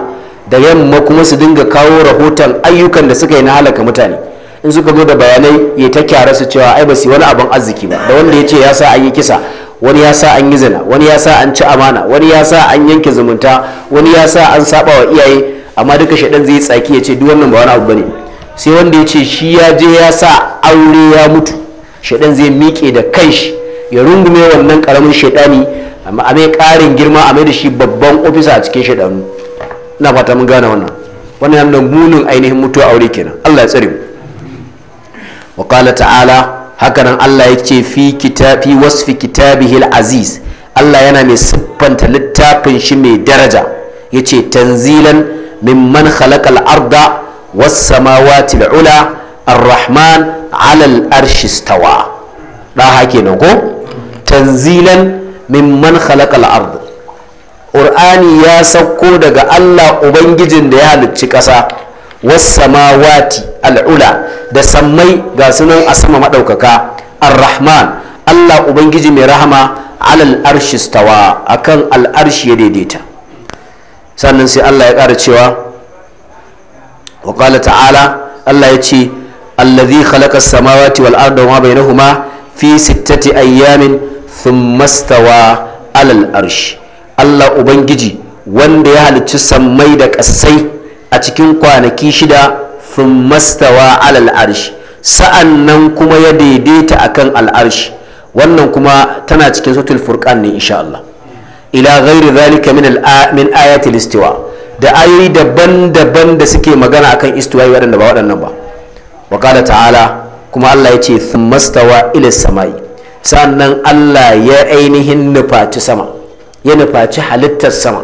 da yamma kuma su dinga kawo rahoton ayyukan da suka yi na halaka mutane in suka zo da bayanai ya ta kyara su cewa ai ba su wani abin arziki ba da wanda ya ce ya sa an yi kisa wani ya sa an yi zina wani ya sa an ci amana wani ya sa an yanke zumunta wani ya sa an saba wa iyaye amma duka shaidan zai tsaki ya ce duk wannan ba wani abu bane sai wanda ya ce shi ya je ya sa aure ya mutu shaidan zai miƙe da kanshi ya rungume wannan karamin shaidani amma a mai ƙarin girma a mai da shi babban ofisa a cikin shaidanu na fata mun gane wannan wannan yana munin ainihin mutu aure kenan Allah ya tsare mu wa qala ta'ala hakanan Allah ya ce fi kitabi wasfi kitabihi al-aziz Allah yana mai siffanta littafin shi mai daraja yace tanzilan mimman khalaqal arda wasamawati al'ula arrahman alal arshi stawa hake kenan ko tanzilan mimman khalaqa al-ard qur'ani ya sauko daga Allah ubangijin da ya halicci ƙasa wasamawati al'ula da sammai ga sunan a sama madaukaka arrahman Allah ubangiji mai rahama alal arshi stawa akan al'arshi ya daidaita sannan sai Allah ya ƙara cewa wa ta'ala Allah ya ce allazi khalaqa as-samawati wal arda wa ma bainahuma fi sittati ayyamin thumma stawa alal arshi Allah ubangiji wanda ya halicci sammai da ƙasai a cikin kwanaki shida thumma stawa alal arshi sa'an nan kuma ya daidaita akan al'arshi wannan kuma tana cikin sautul furqan ne insha Allah ghairi zalika min min ayatil istiwa da ayoyi daban-daban da suke magana akan istiwa'i waɗanda ba waɗannan ba wakala ta'ala kuma Allah ya ce mastawa ila samai sannan Allah ya ainihin nufaci sama ya nufaci halittar sama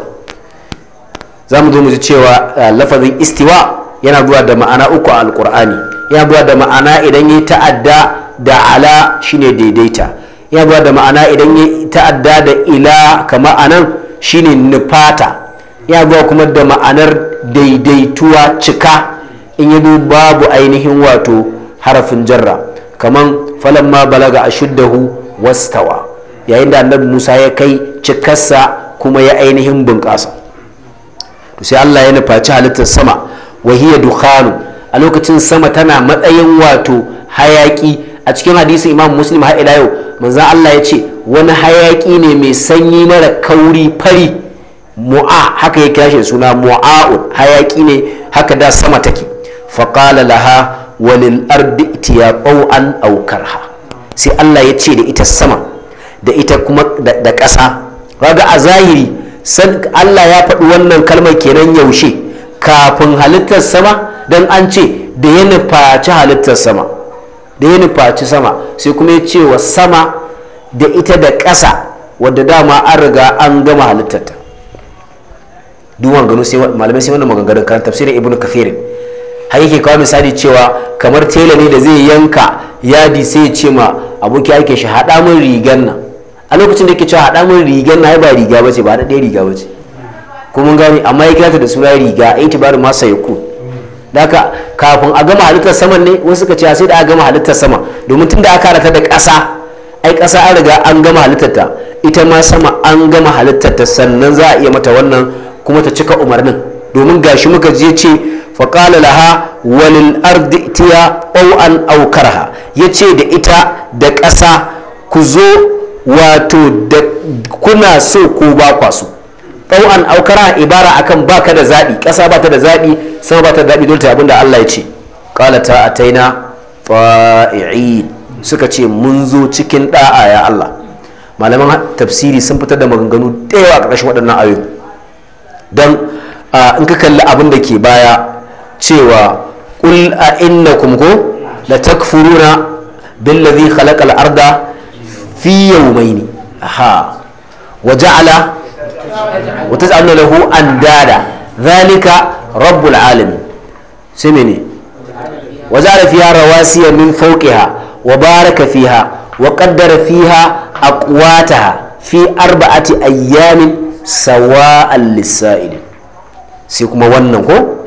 za mu zo mu ji cewa eh, lafazin istiwa yana zuwa da ma'ana uku a alƙur'ani yana zuwa da ma'ana idan ya ta'adda da ala shine daidaita yana zuwa da ma'ana idan ya ta'adda da ila kama anan shine nufata ya ga kuma da ma'anar daidaituwa cika in yi babu ainihin wato harafin jarra kaman ma balaga a shuddahu wastawa yayin da annabi musa ya kai cikarsa kuma ya ainihin bunƙasa to sai allah ya nufaci halittar sama wahiya dukhanu a lokacin sama tana matsayin wato hayaƙi? a cikin hadisin imam muslim har ila yau manzan allah ya ce wani hayaƙi ne mai sanyi mara kauri fari mu'a haka ya kira shi suna mu'a'un hayaki ne haka da sama take faƙala laha walil ardi itiya ƙau'an ha sai Allah ya ce da ita sama da ita kuma da ƙasa kaga a zahiri san Allah ya faɗi wannan kalmar kenan yaushe kafin halittar sama dan an ce da ya nufaci halittar sama da ya nufaci sama sai kuma ya ce wa sama da ita da ƙasa wadda dama an riga an gama halittarta duk gano sai malamai sai wannan maganganun kan tafsirin ibnu kafir har yake kawo misali cewa kamar tela ne da zai yanka yadi sai ya ce ma aboki ake shi haɗa min rigan nan a lokacin da yake cewa haɗa min rigan nan ba riga ba ce ba haɗaɗɗiyar riga ba ce kuma gane amma ya kirata da suna riga a itibarin masa ya ku daga kafin a gama halittar sama ne wasu suka ce sai da a gama halittar sama domin tun da aka harata da ƙasa ai ƙasa an riga an gama halittar ta ita ma sama an gama halittar ta sannan za a iya mata wannan kuma ta cika umarnin domin gashi muka je ce faƙala laha walil ardi tiya aw an aukarha ya ce da ita da ƙasa ku zo wato da kuna so ko ba kwaso aw an aukarha ibara akan baka da zabi ƙasa ba ta da zabi sama ba ta da zabi dole ta abinda Allah ya ce qala ta ataina fa'i'in suka ce mun zo cikin da'a ya Allah malaman tafsiri sun fitar da maganganu da yawa a ƙarƙashin waɗannan ayoyi don in ka kalli abin da ke baya cewa ƙul a inna kumko da takfuruna billazi khalaqa arda fi yawmayn ha wa ja'ala wa taj'aluna lahu andada zalika rabbul alamin sai mene wa ja'ala fiha rawasiya min fawqiha wa baraka fiha wa qaddara fiha aqwataha fi arba'ati ayyamin sawa'an lissa'il sai kuma wannan ko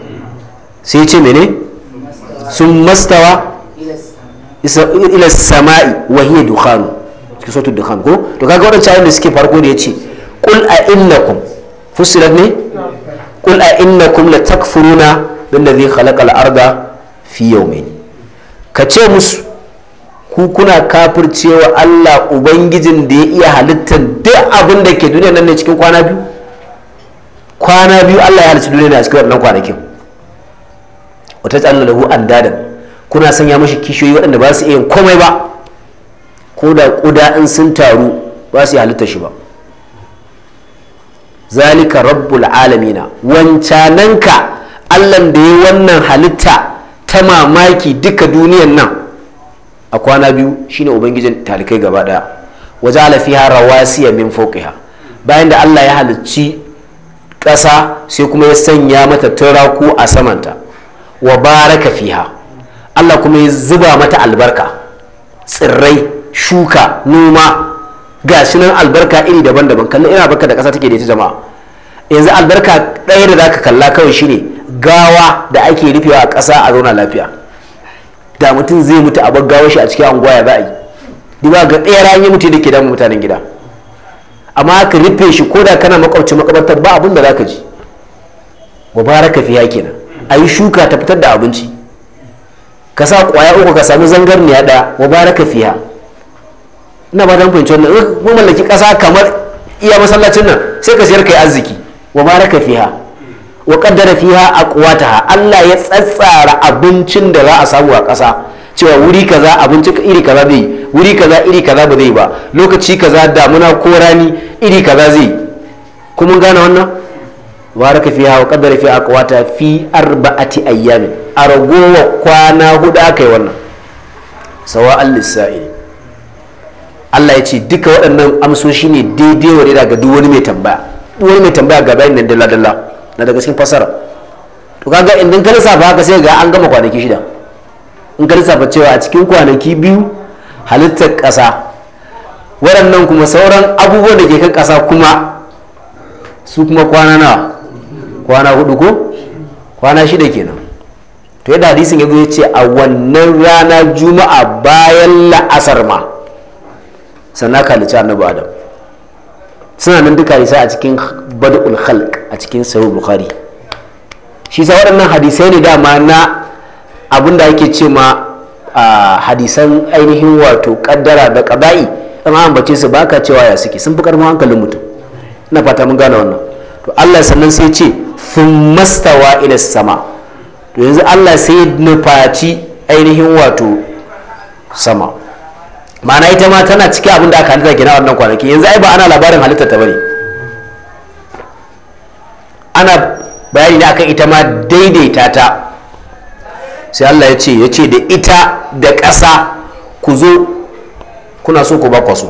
sai ce mene sun mastawa ila sama'i wa hiya dukhanu suke sautu dukhan ko to kaga wadancan ayoyin da suke farko da yace qul a innakum fusilat ne qul a innakum la takfuruna da zai al-arda fi yawmayn ka ce musu ku kuna cewa Allah ubangijin da ya iya halittar duk abin da ke duniya nan ne cikin kwana biyu kwana biyu Allah ya halicci duniya na cikin waɗannan kwanakin wata tsallar lahu an dadan kuna sanya mashi kishiyoyi waɗanda ba su iya komai ba ko da ƙuda in sun taru ba su halitta shi ba zalika rabbul alamina wancananka allah da ya wannan halitta ta mamaki duka duniyan nan a kwana biyu shine ubangijin talikai gaba daya wa ja'ala fiha rawasiya min fawqiha bayan da Allah ya halicci ƙasa sai kuma ya sanya mata turaku a samanta wa baraka fiha Allah kuma ya zuba mata albarka tsirrai shuka noma ga nan albarka iri daban-daban kallon ina barka da ƙasa take da ita jama'a yanzu albarka ɗaya da za ka kalla kawai shine gawa da ake rufewa a ƙasa a zauna lafiya da mutum zai mutu a baggawa shi a cikin anguwa ya za a yi duba ga ɗaya an yi mutu da ke damun mutanen gida amma ka rufe shi ko da kana makwabci makabartar ba abin da za ka ji ka fiya kenan a yi shuka ta fitar da abinci ka sa kwaya uku ka sami ya ɗaya ka fiya ina ba don fahimci wannan mun mallaki ƙasa kamar iya masallacin nan sai ka siyar yi arziki ka fiya wa qaddara fiha kuwata Allah ya tsatsara abincin da za a samu a ƙasa cewa wuri kaza abinci iri kaza zai wuri kaza iri kaza ba zai ba lokaci kaza damuna ko rani iri kaza zai kuma gane wannan baraka fiha wa qaddara fiha aqwata fi arba'ati ayyami a ragowa kwana hudu kai wannan sawa al-lisa'il Allah ya ce duka waɗannan amsoshi ne daidai wa daga duk wani mai tambaya duk wani mai tambaya ga bayan nan dalla dalla na daga cikin fasara to kaga idan ka lissafa haka sai ga an gama kwanaki shida in ka lissafa cewa a cikin kwanaki biyu halittar ƙasa waɗannan kuma sauran abubuwan da ke kan ƙasa kuma su kuma kwana nawa kwana hudu ko kwana shida kenan to yadda hadisin ya ce a wannan rana juma'a bayan la'asar ma sannan ka halicci annabi adam suna nan duka isa a cikin badul khalq a cikin sahih bukhari shi sa waɗannan hadisai ne dama na abinda da ake ce ma hadisan ainihin wato kaddara da ƙaba'i amma an bace su baka cewa ya suke sun fi karfin hankalin mutum ina fata mun gane wannan to Allah sannan sai ce sun mastawa ila sama to yanzu Allah sai ya nufaci ainihin wato sama ma'ana ita ma tana cikin abin da aka halitta gina wannan kwanaki yanzu ai ba ana labarin halitta ta bane ana bayani ne akan ita ma daidaita ta sai Allah ya ce ya ce da ita da ƙasa ku zo kuna so ku bakwa so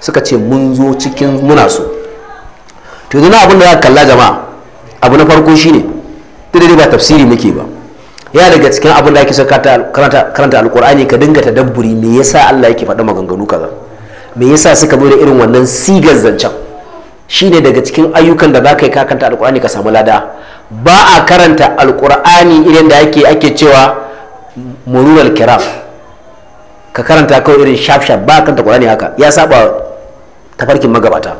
suka ce mun zo cikin muna so to yanzu na abin da za ka kalla jama'a abu na farko shine ne da ba tafsiri muke ba ya daga cikin abin da ake son karanta alkur'ani ka dinga ta dabburi me yasa Allah yake faɗa maganganu kaza me yasa suka bude irin wannan sigar zancen shine daga cikin ayyukan da zaka yi ka karanta alkur'ani ka samu lada ba a karanta alkur'ani idan da ake ake cewa murural kiram ka karanta kawai irin shaf shaf ba karanta alkur'ani haka ya saba tafarkin magabata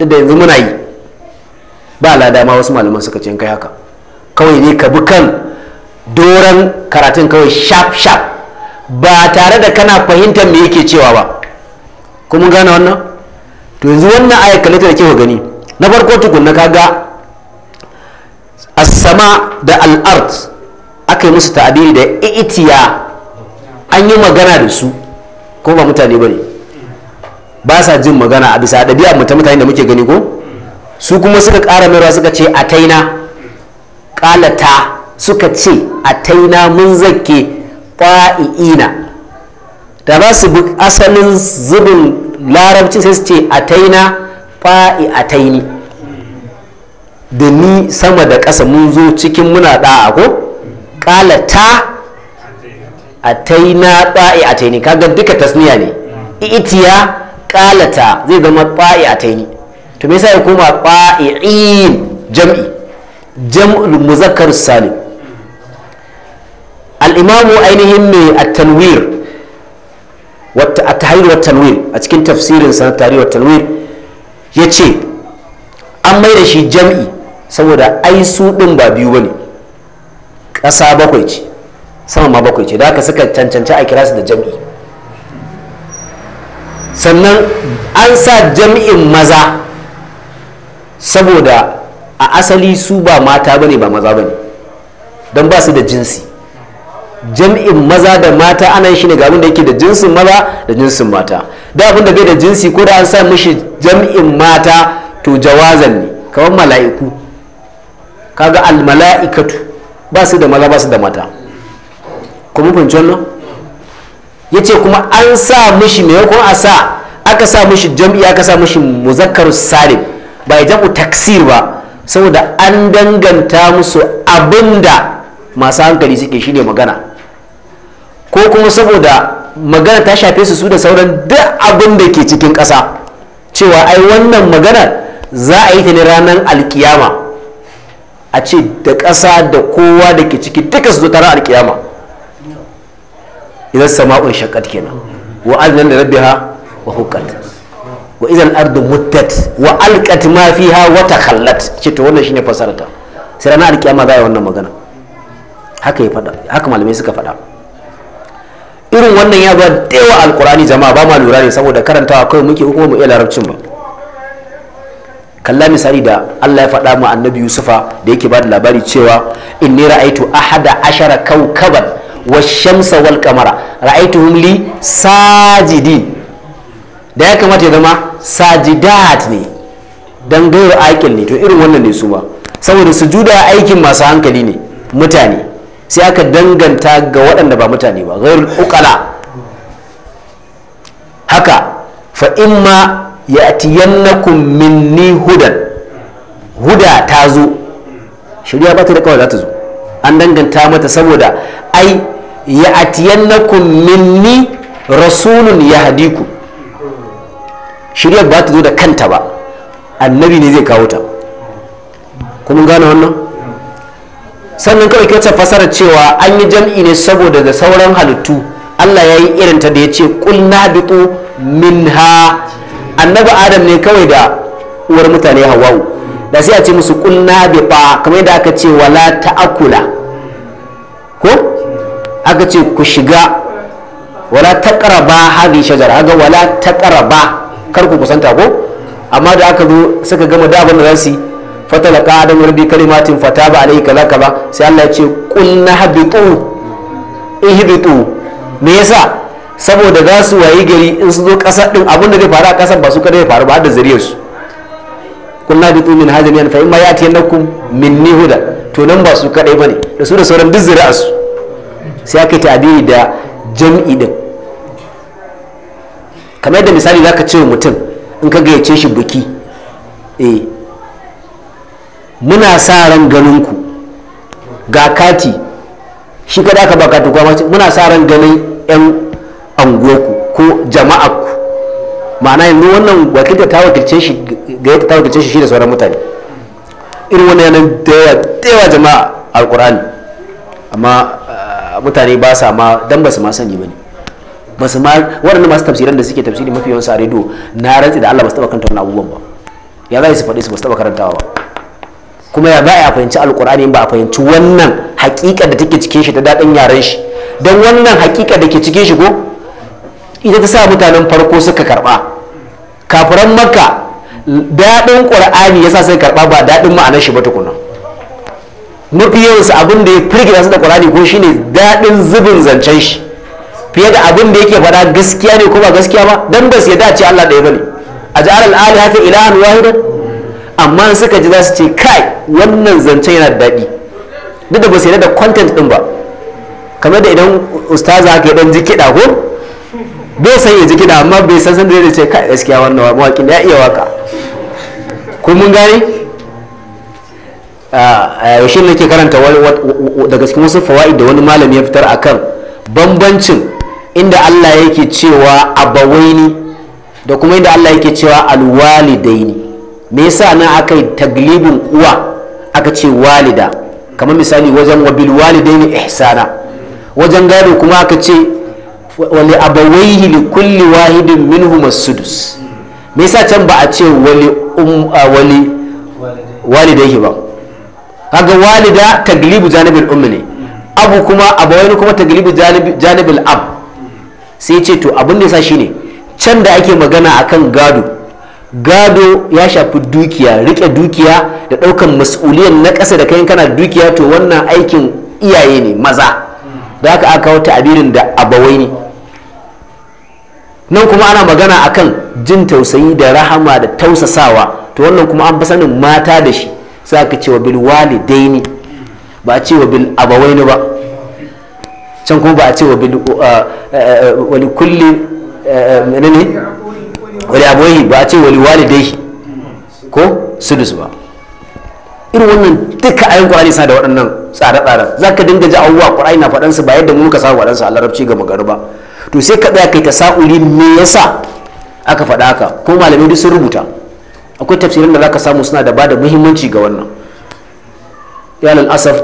duk da yanzu muna yi ba lada ma wasu malaman suka ce kai haka kawai ne ka bi kan doron karatun kawai sharp sharp ba tare da kana fahimtar me yake cewa ba kuma gane wannan to yanzu wannan ayar kalita da kyau gani na farko tukunna kaga ga sama da alart aka yi musu ta'adiri da itiya an yi magana da su ko ba mutane ba ne ba sa jin magana a bisa ɗabi'a mutum mutane da muke gani ko su kuma suka ƙara mayarwa suka ce a taina ƙalata suka ce a taina mun zake fa'i'ina da za su bi asalin zubin larabci sai su ce a taina fa'i a taini da ni sama da ƙasa mun zo cikin muna ɗa'a ko ƙala ta a taina fa'i a taini kaga duka tasniya ne itiya ƙalata zai zama fa'i a taini to me yasa ya koma fa'i'in jam'i jam'ul muzakkar salim al'imamu ainihin ne a tanwir a tahirar tanwir a cikin tafsirin sa tarihar tanwir ce an mai da shi jam'i saboda ai su din ba biyu bane ƙasa bakwai ce sama ma bakwai ce da aka suka cancanci a kira su da jam'i sannan an sa jam'in maza saboda a asali su ba mata bane ba maza bane don ba su da jinsi jam'in maza da mata ana shi ne ga abin da yake da jinsin maza da jinsin mata da abin da bai da jinsi ko da an sa mishi jam'in mata to jawazan ne kamar mala'iku kaga almala'ikatu ba su da maza ba su da mata kuma fahimci wannan ya ce kuma an sa mishi maimakon a sa aka sa mishi jam'i aka sa mishi muzakkar salim ba ya jam'u taksir ba saboda an danganta musu abinda masu hankali suke shine magana ko kuma saboda magana ta shafe su su da sauran duk abin da ke cikin ƙasa cewa ai wannan magana za a yi ta ne ranar alkiyama a ce da ƙasa da kowa da ke ciki duka su zo tara alkiyama idan sama'un shakat kenan wa azan da ha wa hukat wa idan ardu muddat wa alqat ma fiha wa takhallat ce to wannan shine fasarta sai ranar alkiyama za a yi wannan magana haka ya faɗa haka malamai suka faɗa irin wannan ya ba da yawa alkurani jama'a ba ma lura ne saboda karantawa kawai muke kuma mu iya larabcin ba kalla misali da Allah ya faɗa mu annabi Yusufa da yake bada labari cewa inni ra'aitu ahada ashara kawkaban wash-shamsa wal qamara ra'aituhum li sajidin da ya kamata ya zama sajidat ne dan gairu ne to irin wannan ne su ba saboda sujuda aikin masu hankali ne mutane sai aka danganta ga waɗanda ba mutane ba ghairul uqala haka fa imma ya'tiyannakum minni hudan huda ta zo shirya ba ta da kawai za ta zo an danganta mata saboda ai ya'tiyannakum minni rasulun hadiku shirya ba ta zo da kanta ba annabi ne zai kawo ta kuma gane wannan sannan kawai kyautar fasara cewa an yi jam'i ne saboda da sauran halittu allah ya yi ta da ya ce kulna min minha annabi adam ne kawai da uwar mutane hawa'u da sai a ce musu kulna biƙa kamar yadda aka ce wala ta'akula ko aka ce ku shiga wala taqraba hadhihi shajara haga wala taqraba kar ku kusanta ko amma da aka zo suka gama da abin da za fatalaka adam rabbi kalimatin fataba alayhi kaza ba sai Allah ya ce qul nahbitu ihbitu me yasa saboda za su wayi gari in su zo kasar din abin da zai faru a kasar ba su kada ya faru ba da zariyar su kunna bi min hadhihi yan fa imma yati yanakum minni huda to nan ba su kadai bane da su da sauran duk zuri'a su sai aka yi tabiri da jam'i din kamar da misali zaka ce mutum in ka gayyace shi buki eh muna sa ran ganin ku ga kati shi kada aka baka to muna sa ran ganin yan anguwarku ko jama'arku ma'ana yanzu wannan wakilta ta wakilce shi ga ta wakilce shi da sauran mutane irin wani yanayin da yawa jama'a alkur'ani amma ah, mutane ba sa ma dan ba su ma sani ba ne ba su ma waɗanda masu tafsirin da suke tafsiri mafi yawan sa rediyo na rantsi da Allah ba su taɓa kanta wannan abubuwan ba ya za su faɗi su ba su taɓa karantawa ba kuma ya za a fahimci alkur'ani ba a fahimci wannan hakika da take cikin shi da daɗin yaren shi don wannan hakika da ke cikin shi ko ita ta sa mutanen farko suka karɓa kafiran makka daɗin ƙur'ani ya sa sai karɓa ba daɗin ma'anar shi ba tukuna mafi su abin da ya firgita su da ƙur'ani ko shine daɗin zubin zancen shi fiye da abin da yake faɗa gaskiya ne ko ba gaskiya ba don ba su yadda ce Allah ɗaya bane a ja'al al-alihi ilahan wahidan amma suka ji za su ce kai wannan zancen yana da daɗi duk da ba su yi da content ɗin ba kamar da idan ustaza ka dan ji kiɗa ko bai san ya ji kiɗa amma bai san san da zai ce kai gaskiya wannan mawaƙin ya iya waka ko mun gane a yaushe nake karanta daga cikin wasu fawaid da wani malami ya fitar akan bambancin inda Allah yake cewa abawaini da kuma inda Allah yake cewa alwalidaini me yasa na aka yi taglibin uwa aka ce walida kamar misali wajen wabil ne ihsana wajen gado kuma aka ce wali abawaihi li kulli wahidin minhum as-sudus me yasa can ba a ce wali um wali ba kaga walida taglibu janibul ummi ne abu kuma abawaini kuma taglibu janibul ab sai ce to abin da yasa shine can da ake magana akan gado gado ya shafi dukiya rike dukiya da ɗaukan mas'uliyar na ƙasa da kayan kana dukiya to wannan aikin iyaye ne maza da aka aka wata abirin da abawai ne nan kuma ana magana akan jin tausayi da rahama da tausasawa to wannan kuma an fi sanin mata da shi sai aka cewa bil walidaini ba a cewa bil abawaini ba can kuma ba a cewa bil uh, uh, uh, wali kulli ne? wali aboyi ba a ce wali walidai ko sudus ba irin wannan duka ayin kwanani sa da waɗannan tsare tsare za ka dinga ji abubuwa qur'ani na faɗan su ba yadda muka samu waɗansu su a larabci ga ba to sai ka tsaya kai ta sa'uri me yasa aka faɗa haka ko malamai duk sun rubuta akwai tafsirin da za ka samu suna da bada muhimmanci ga wannan yalal asaf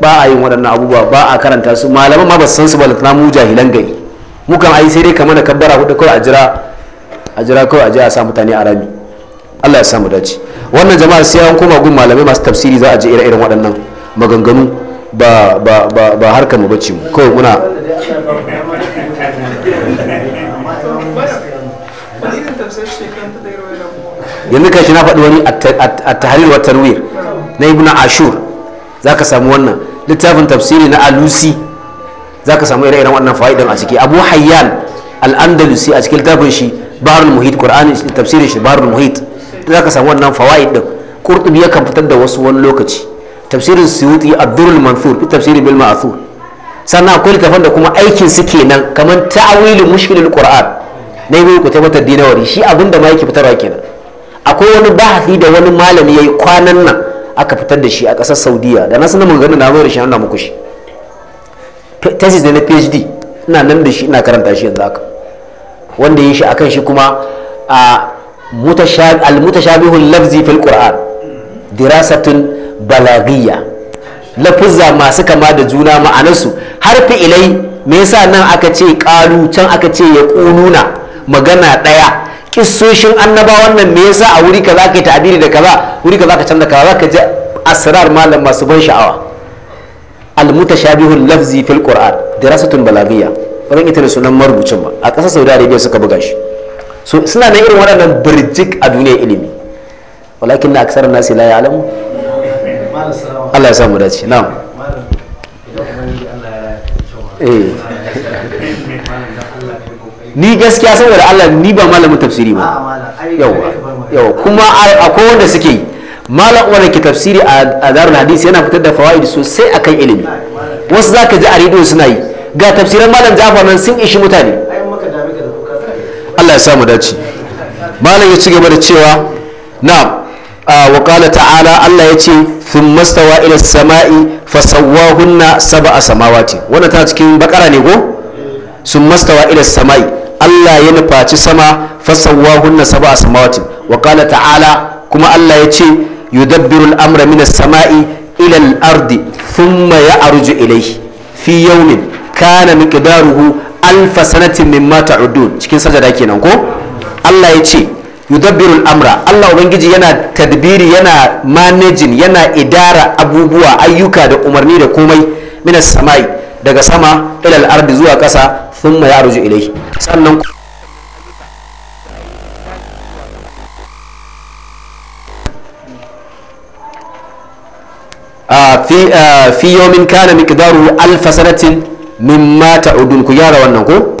ba a yin waɗannan abubuwa ba a karanta su malaman ma ba su san su ba mu jahilan gari mukan ai sai dai kamar da kabbara hudu kawai a jira a jira kawai a je a sa mutane a rami Allah ya samu dace wannan jama'a sai an koma gun malamai masu tafsiri za a je ire-iren waɗannan maganganu ba ba ba ba harkar mu bace mu kawai muna yanzu kai shi na faɗi wani a tahrir wa tarwir na ibnu ashur zaka samu wannan littafin tafsiri na alusi zaka samu ire-iren wannan fa'idan a ciki abu hayyan al-andalusi a cikin littafin shi baharul muhit qur'ani tafsirin shi baharul muhit da zaka samu wannan fawaid din qurtubi yakan fitar da wasu wani lokaci tafsirin suyuti abdurul mansur fi tafsiri bil ma'thur sannan akwai littafan da kuma aikin su kenan kamar ta'awilu mushkilul qur'an na yi ku tabbatar dinawari shi abin da ma yake fitarwa kenan akwai wani bahasi da wani malami yayi kwanan nan aka fitar da shi a ƙasar saudiya da na sanar mun na zo da shi an muku shi thesis da na phd ina nan da shi ina karanta shi yanzu haka wanda ya shi a kan shi kuma a almutashabihul lafzi fil qur'an dirasatun balagiyya lafuzza masu kama da juna ma'anarsu har fi'ilai me yasa nan aka ce ƙalu can aka ce ya ƙununa magana ɗaya ƙisoshin annaba wannan me yasa a wuri kaza ka yi ta'abiri da kaza wuri kaza ka canza kaza ka ji asrar malam masu ban sha'awa al-mutashabihul lafzi fil qur'an dirasatun balagiyya ba ita da sunan marubucin ba a ƙasar saudi arabia suka buga shi so suna da irin waɗannan birjik a duniyar ilimi walakin na aksar nasi la ya alamu Allah ya samu dace na'am eh. ni gaskiya saboda Allah ni ba malamin tafsiri ba yawa yawa kuma akwai wanda suke yi malam wanda ke tafsiri a zarar hadisi yana fitar da fawaid sosai akan ilimi wasu zaka ji a rediyo suna yi ga tafsirin malam jafar nan sun ishi mutane Allah ya samu dace malam ya ci gaba da cewa na wa kala ta'ala Allah ya ce sun mastawa ila samai fasawwahunna sab'a samawati wannan ta cikin bakara ne ko sun mastawa ila samai Allah ya nufaci sama fasawwahunna sab'a samawati wa kala ta'ala kuma Allah ya ce yudabbirul amra minas samai ila al-ardi thumma ya'ruju ilayhi fi yawmin kana miqdaruhu alf sanatin mimma ta'udun cikin sajada kenan ko Allah ya ce yudabbiru amra Allah ubangiji yana tadbiri yana managing yana idara abubuwa ayyuka da umarni da komai minas samai daga sama al ardi zuwa ƙasa thumma yaruju ilai sannan ah, fi ah, yomin kana miqdaruhu alf sanatin Min mata udun ku gyara wannan ko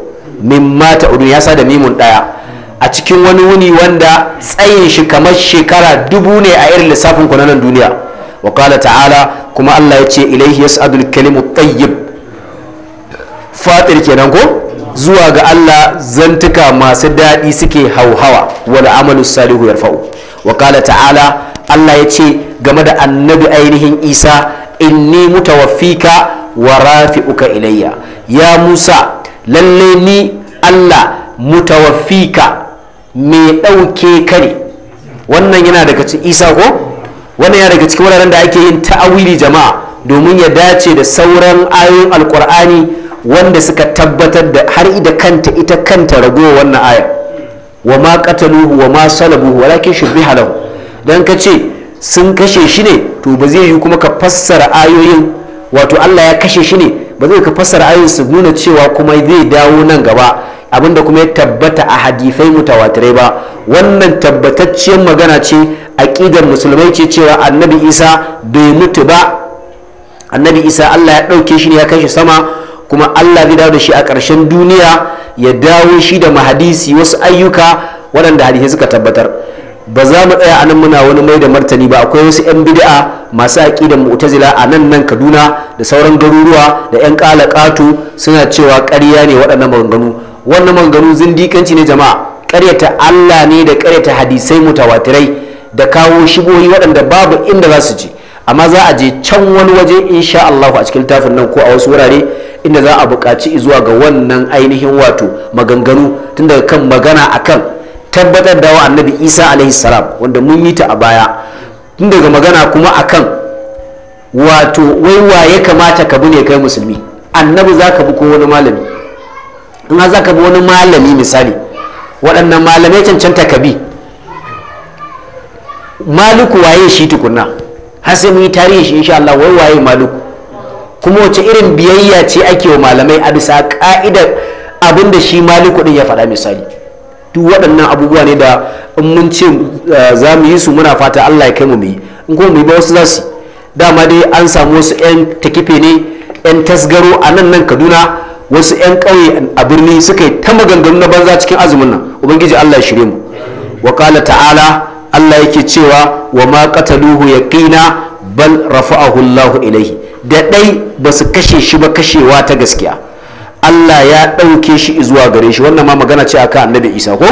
mata udun ya sa da mimun daya a cikin wani wuni wanda tsayin shi kamar shekara dubu ne a irin lissafin ku na nan duniya wa qala ta'ala kuma Allah ya ce ilaihi yas'adul kalimu tayyib fatir kenan ko zuwa ga Allah zantuka masu daɗi suke hauhawa wal amalu salihu yarfa'u wa qala ta'ala Allah ya ce game da annabi ainihin Isa inni mutawaffika wa rafi'uka ilayya ya musa lalle ni allah mutawaffika mai ɗauke ka ne wannan yana daga cikin isa ko wannan yana daga cikin wuraren da ake yin ta'awili jama'a domin ya dace da sauran ayoyin alkur'ani wanda suka tabbatar da har da kanta ita kanta ragowa wannan aya wa ma qataluhu wa ma salabuhu walakin shubbiha lahu dan kace sun kashe shi ne to ba zai yi kuma ka fassara ayoyin wato Allah ya kashe shi ne ba zai ka fassara ayin su nuna cewa kuma zai dawo nan gaba abinda kuma ya tabbata a hadifai mutawatirai ba wannan tabbatacciyar magana ce aqidar musulmai ce cewa annabi isa bai mutu ba annabi isa Allah ya ɗauke shi ne ya kashe sama kuma Allah zai dawo da shi a ƙarshen duniya ya dawo shi da mahadisi wasu ayyuka waɗanda hadisi suka tabbatar ba za mu tsaya anan muna wani mai da martani ba akwai wasu 'yan bid'a masu aƙidar mu'tazila a nan nan kaduna da sauran garuruwa da 'yan ƙalaƙato suna cewa ƙarya ne waɗannan maganganu wannan maganganu zindikanci ne jama'a ƙaryata allah ne da ƙaryata hadisai mutawatirai da kawo shibohi waɗanda babu inda za su je amma za a je can wani waje insha Allah a cikin tafin nan ko a wasu wurare inda za a buƙaci zuwa ga wannan ainihin wato maganganu tun daga kan magana akan tabbatar da wa annabi isa alaihi salam wanda mun yi ta a baya tun daga magana kuma akan wato waiwa ya kamata ka bi ne kai musulmi annabi za ka bi ko wani malami in za ka bi wani malami misali waɗannan malamai cancanta ka bi maluku waye shi tukunna har sai mun yi tarihi shi insha Allah wai waye maluku kuma wace irin biyayya ce ake wa malamai a bisa ka'idar abin da shi maluku din ya faɗa misali duk waɗannan abubuwa ne da in mun ce eh, za mu yi su muna fata allah ya kai mu yi in kuma mu yi ba wasu za su dama dai an samu wasu 'yan takife ne 'yan tasgaro a nan nan kaduna wasu 'yan ƙauye a birni suka yi ta maganganu na banza cikin azumin nan ubangiji allah ya shirye mu wa ta'ala allah yake cewa wa ma qataluhu yaqina bal rafa'ahu allah ilaihi da dai ba su kashe shi ba kashewa ta gaskiya Allah ya ɗauke shi zuwa gare shi wannan ma magana ce aka annabi Isa ko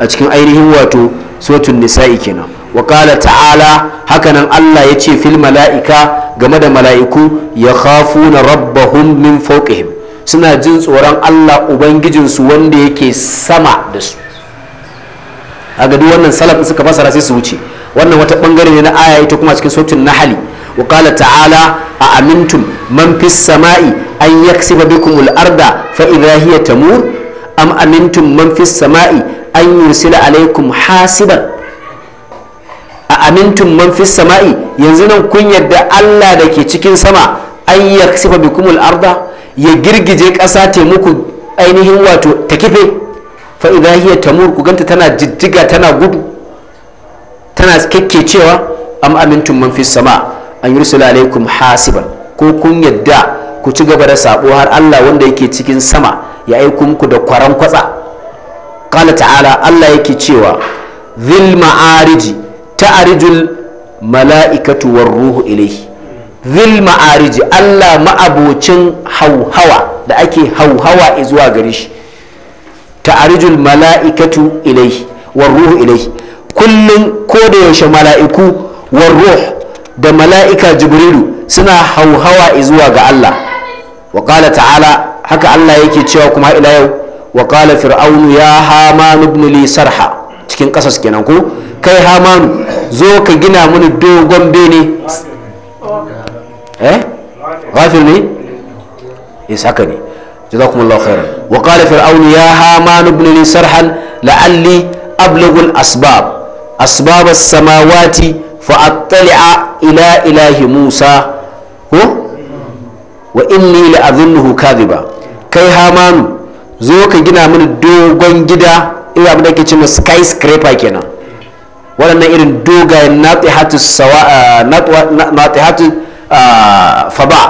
a cikin ainihin wato suratul nisa'i kenan wa qala ta'ala hakanan Allah ya ce fil mala'ika game da mala'iku ya khafuna rabbahum min fawqihim suna jin tsoron Allah ubangijinsu wanda yake sama da su a duk wannan salaf suka fasara sai su wuce wannan wata bangare ne na aya ita kuma cikin suratul nahli wa qala ta'ala a amintum man fis sama'i an yaksiba bikum al ularda fa idha hiya tamur am amintum man fis sama'i an yursila alaikum hasiban a amintum man fis sama'i yanzu nan kun yadda Allah da ke cikin sama an yi yaksifa bikum al-arda ya girgije ƙasa ta muku ainihin wato ta kife fa idha hiya tamur ku ganta tana jijjiga tana gudu tana cewa am amintum man fis sama an yursila alaikum hasiban ko kun yadda ku ci gaba da sabo har Allah wanda yake cikin sama ya aiku muku da kwaran kwatsa kala ta'ala Allah yake cewa zil ma'ariji ta'arijul mala'ikatu war ruhu ilaihi zil ma'ariji Allah ma'abocin hauhawa da ake hauhawa zuwa gare shi ta'arijul mala'ikatu ilaihi war ruhu ilaihi kullun ko da yaushe mala'iku war ruhu da mala'ika jibrilu suna hauhawa izuwa ga Allah wa qala ta'ala haka Allah yake cewa kuma ila yau wa qala fir'aunu ya haman ibn li sarha cikin ƙasas kenan ko kai haman zo ka gina mini dogon bene eh ghafir ne isaka ne jazakumullahu khairan wa qala fir'aunu ya haman ibn li sarhan la'alli ablughu al-asbab asbab as-samawati fa'attali'a ila ilahi musa ko wa inni la'azunnuhu kadhiba kai hamanu zo ka gina mini dogon gida irin abin ke cewa skyscraper kenan waɗannan irin dogayen natihatu faba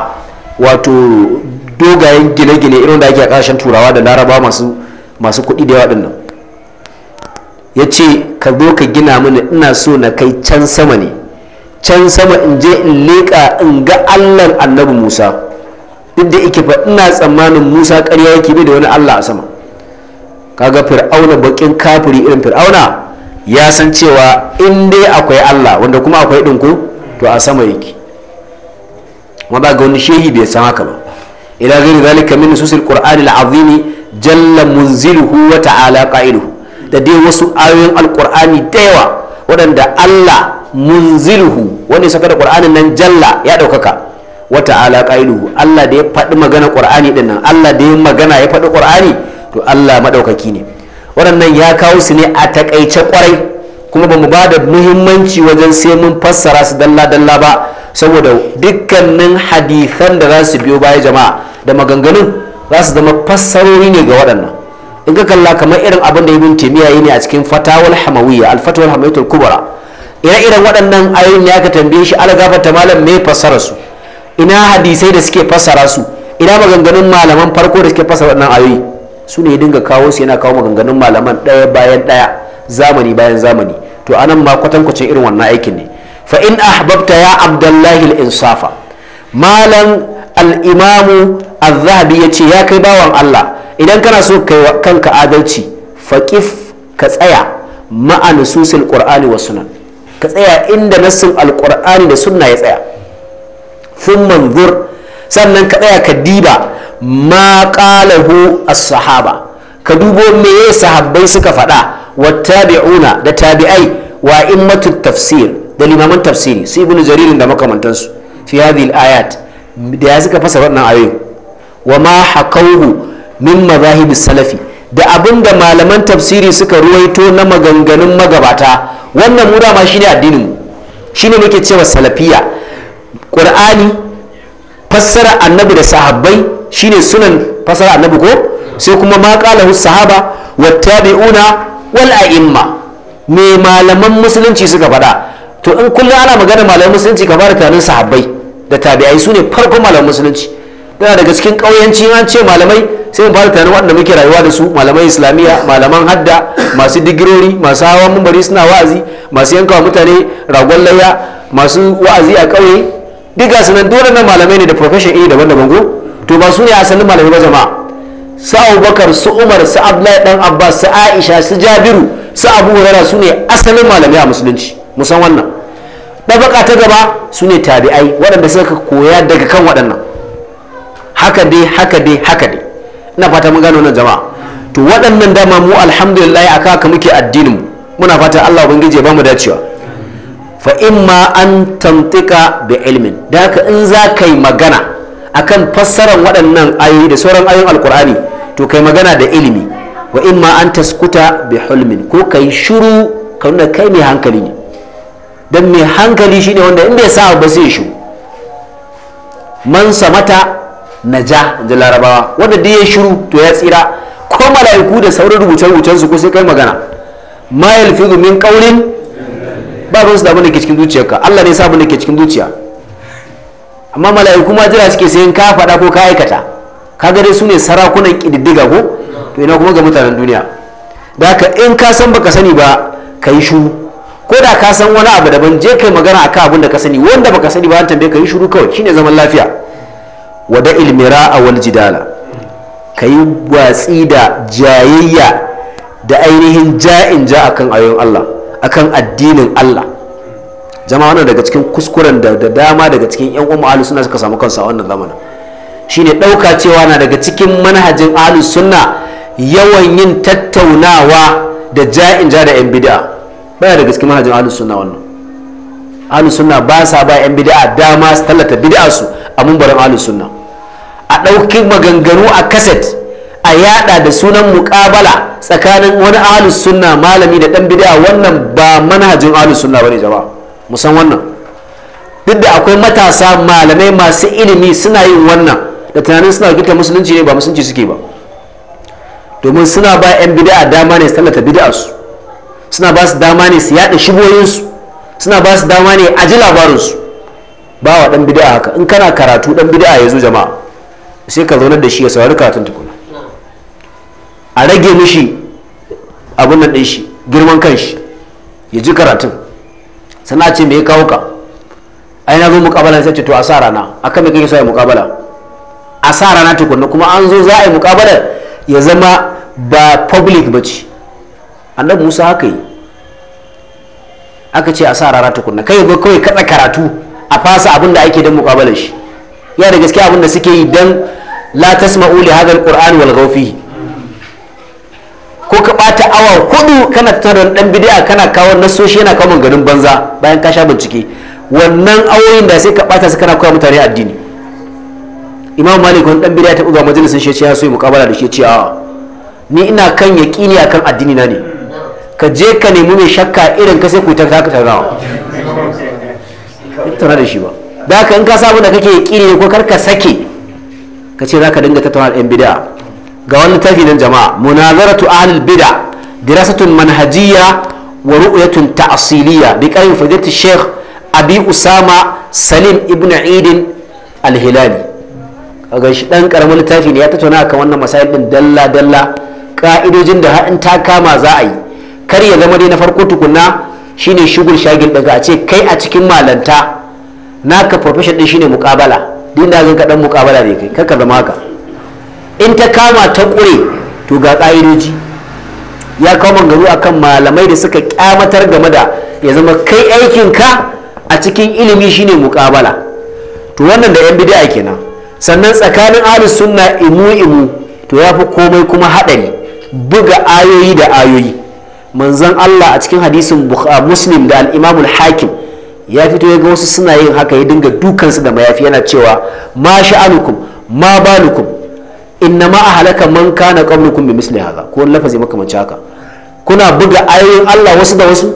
wato dogayen gine-gine irin da ake a ƙarshen turawa da laraba masu kuɗi da yawa ɗin ya ce ka zo ka gina mini ina so na kai can sama ne can sama in je in leƙa in ga allan annabi musa duk da ike fa ina tsammanin musa ƙarya yake bai da wani allah a sama kaga fir'auna bakin kafiri irin fir'auna ya san cewa in dai akwai allah wanda kuma akwai ɗinku to a sama yake ma ba ga wani shehi bai san haka ba ila ghairi zalika min nususil qur'ani al-azimi jalla munziluhu wa ta'ala qa'iluhu da dai wasu ayoyin alkur'ani da yawa waɗanda Allah munzilhu wanda ya saka da qur'anin nan jalla ya ɗaukaka wa ta'ala qailuhu Allah da ya faɗi magana qur'ani din nan Allah da ya magana ya faɗi qur'ani to Allah maɗaukaki ne waɗannan ya kawo su ne a takaice kwarai kuma ba mu ba da muhimmanci wajen sai mun fassara su dalla dalla ba saboda dukkanin hadisan da za su biyo baya jama'a da maganganun za su zama fassarori ne ga waɗannan in ka kalla kamar irin abin da ibn taymiya yi ne a cikin fatawul hamawiyya al fatawul hamawiyatul kubra ire-iren waɗannan ayoyin ne aka tambaye shi ta malam mai fassara su ina hadisai da suke fassara su ina maganganun malaman farko da suke fassara waɗannan ayoyi su ne dinga kawo su yana kawo maganganun malaman ɗaya bayan ɗaya zamani bayan zamani to anan ma kwatankwacin irin wannan aikin ne fa in ahbabta ya abdullahi al-insafa malam al-imamu al-zahabi yace ya kai bawan Allah idan kana so kai wa kanka adalci faqif ka tsaya ma'a nususil qur'ani wa sunan ka tsaya inda nassin alqur'ani da sunna ya tsaya sun manzur sannan ka tsaya ka diba ma qalahu as-sahaba ka dubo meye sahabbai suka faɗa wattabi'una da tabi'ai wa immatu tafsir da limaman tafsiri su ibnu jaririn da makamantansu fi hadhihi al-ayat da ya suka fasa wannan ayoyi wa ma hakawhu min mazahibi salafi da abin da malaman tafsiri suka ruwaito na maganganun magabata wannan mu dama shine addinin mu shine muke cewa salafiya qur'ani fassara annabi da sahabbai shine sunan fassara annabi ko sai kuma ma qalahu sahaba tabi'una wal a'imma me malaman musulunci suka faɗa to in kullum ana magana malaman musulunci ka fara tunanin sahabbai da tabi'ai sune farko farkon malaman musulunci tana daga cikin ƙauyanci an ce malamai sai ba da tunanin waɗanda muke rayuwa da su malaman islamiyya malaman hadda masu digirori masu hawan mumbari suna wa'azi masu yankawa mutane ragon laya masu wa'azi a ƙauye duk ga dole na malamai ne da profession iri daban-daban go to ba su ne asalin malamai ba jama'a su abubakar su umar su abdullahi dan abbas su aisha su jabiru su abu hurairah su ne asalin malamai a musulunci musan wannan ɗabaka ta gaba su ne tabi'ai waɗanda suka koya daga kan waɗannan haka dai haka dai haka dai ina fata mun gano nan jama'a to waɗannan dama mu alhamdulillah a kaka muke addinin mu muna fata Allah ubangiji ya bamu dacewa fa imma an tantika bi ilmin da haka in za ka yi magana akan fassarar waɗannan ayoyi da sauran ayoyin alkur'ani to kai magana da ilimi wa imma an taskuta bi hulmin ko kai shiru ka nuna kai mai hankali ne dan mai hankali shine wanda in bai sa ba sai shi man samata naja da larabawa wanda duk ya shiru to ya tsira ko mala'iku da sauran rubuce-rubucen su ko sai kai magana ma yalfizu domin kaurin ba ruwan su da ke cikin zuciyarka Allah ne ya ke cikin zuciya amma mala'iku ma jira suke sai ka faɗa ko ka aikata ka dai su ne sarakunan ƙididdiga ko to ina kuma ga mutanen duniya da ka in ka san baka sani ba ka yi shuru ko da ka san wani abu daban je kai magana akan abin da ka sani wanda baka sani ba an tambaye ka yi shuru kawai shine zaman lafiya wada ilmira a wal jidala ka yi watsi da jayayya da ainihin ja'in ja a kan ayoyin Allah a kan addinin Allah jama'a wannan daga cikin kuskuren da dama daga cikin yan umma ahlus suna suka samu kansu a wannan zamanin shine dauka cewa na daga cikin manhajin ahlus suna yawan yin tattaunawa da ja'in ja da yan bid'a baya daga cikin manhajin ahlus suna wannan ahlus suna ba sa ba yan bid'a dama su tallata bid'a su a mumbarin ahlus sunna a ɗauki maganganu a kaset a yada da sunan muƙabala tsakanin wani ahlus sunna malami da ɗan bidiya wannan ba manhajin ahlus sunna bane jama'a musan wannan duk da akwai matasa malamai masu ilimi suna yin wannan da tunanin suna gita musulunci ne ba musulunci suke ba domin suna ba 'yan bid'a dama ne su tallata su suna ba su dama ne su yaɗa shigoyinsu suna ba su dama ne a ji labarinsu ba wa ɗan bid'a haka in kana karatu ɗan bida'a ya zo jama'a sai ka zaunar da shi ya saurari karatun tukuna a rage mishi abin nan shi girman kanshi ya ji karatun sana ce mai kawo ka ai na zo mukabala sai ce to a sa rana akan me kake so mukabala a sa rana tukunna kuma an zo za a yi mukabala ya zama ba public ba ce annabi musa haka yi aka ce a sa rana tukunna kai ba kawai kada karatu a fasa abin da ake don mukabalar shi yana da gaske abin da suke yi don la tasma'u li hadha alquran wal ghawfi ko ka bata awa hudu kana tattauna dan bid'a kana kawo nasoshi yana kawo garin banza bayan ka sha bincike wannan awoyin da sai ka bata su kana koya mutane addini imam malik wani dan bid'a ta buga majalisin shi ya so yi mukabala da shi ce a ni ina kan yaqini akan addini na ne ka je ka nemi mai shakka irin ka sai ku ta ka ita na da shi ba da ka in ka samu da kake yaqini ko kar ka sake ka ce za ka dinga ta tawar yan bid'a ga wani tafi nan jama'a munazaratu ahlul bid'a dirasatun manhajiyya wa ru'yatun ta'asiliya bi qarin fadilati sheikh abi usama salim ibn idin al-hilali ga shi dan karamin littafi ne ya tattauna akan wannan masail din dalla dalla ka'idojin da in ta kama za a yi kar ya zama dai na farko tukunna shine shugul shagil daga a ce kai a cikin malanta naka profession din shine muqabala duk da kaɗan dan mukabala ne kai karka zama haka in ta kama ta ƙure to ga ƙa'idoji ya kawo mangaru akan malamai da suka kyamatar game da ya zama kai aikinka a cikin ilimi shine mukabala to wannan da 'yan bid'a kenan sannan tsakanin ahlus sunna imu imu to ya fi komai kuma haɗari buga ayoyi da ayoyi manzon Allah a cikin hadisin muslim da al-imamul hakim ya fito ya ga wasu suna yin haka ya dinga dukansu da mayafi yana cewa ma sha'anukum ma balukum inna ma a halaka man kana qablukum bi misli hadha ko wani lafazi makamanci haka kuna buga ayoyin Allah wasu da wasu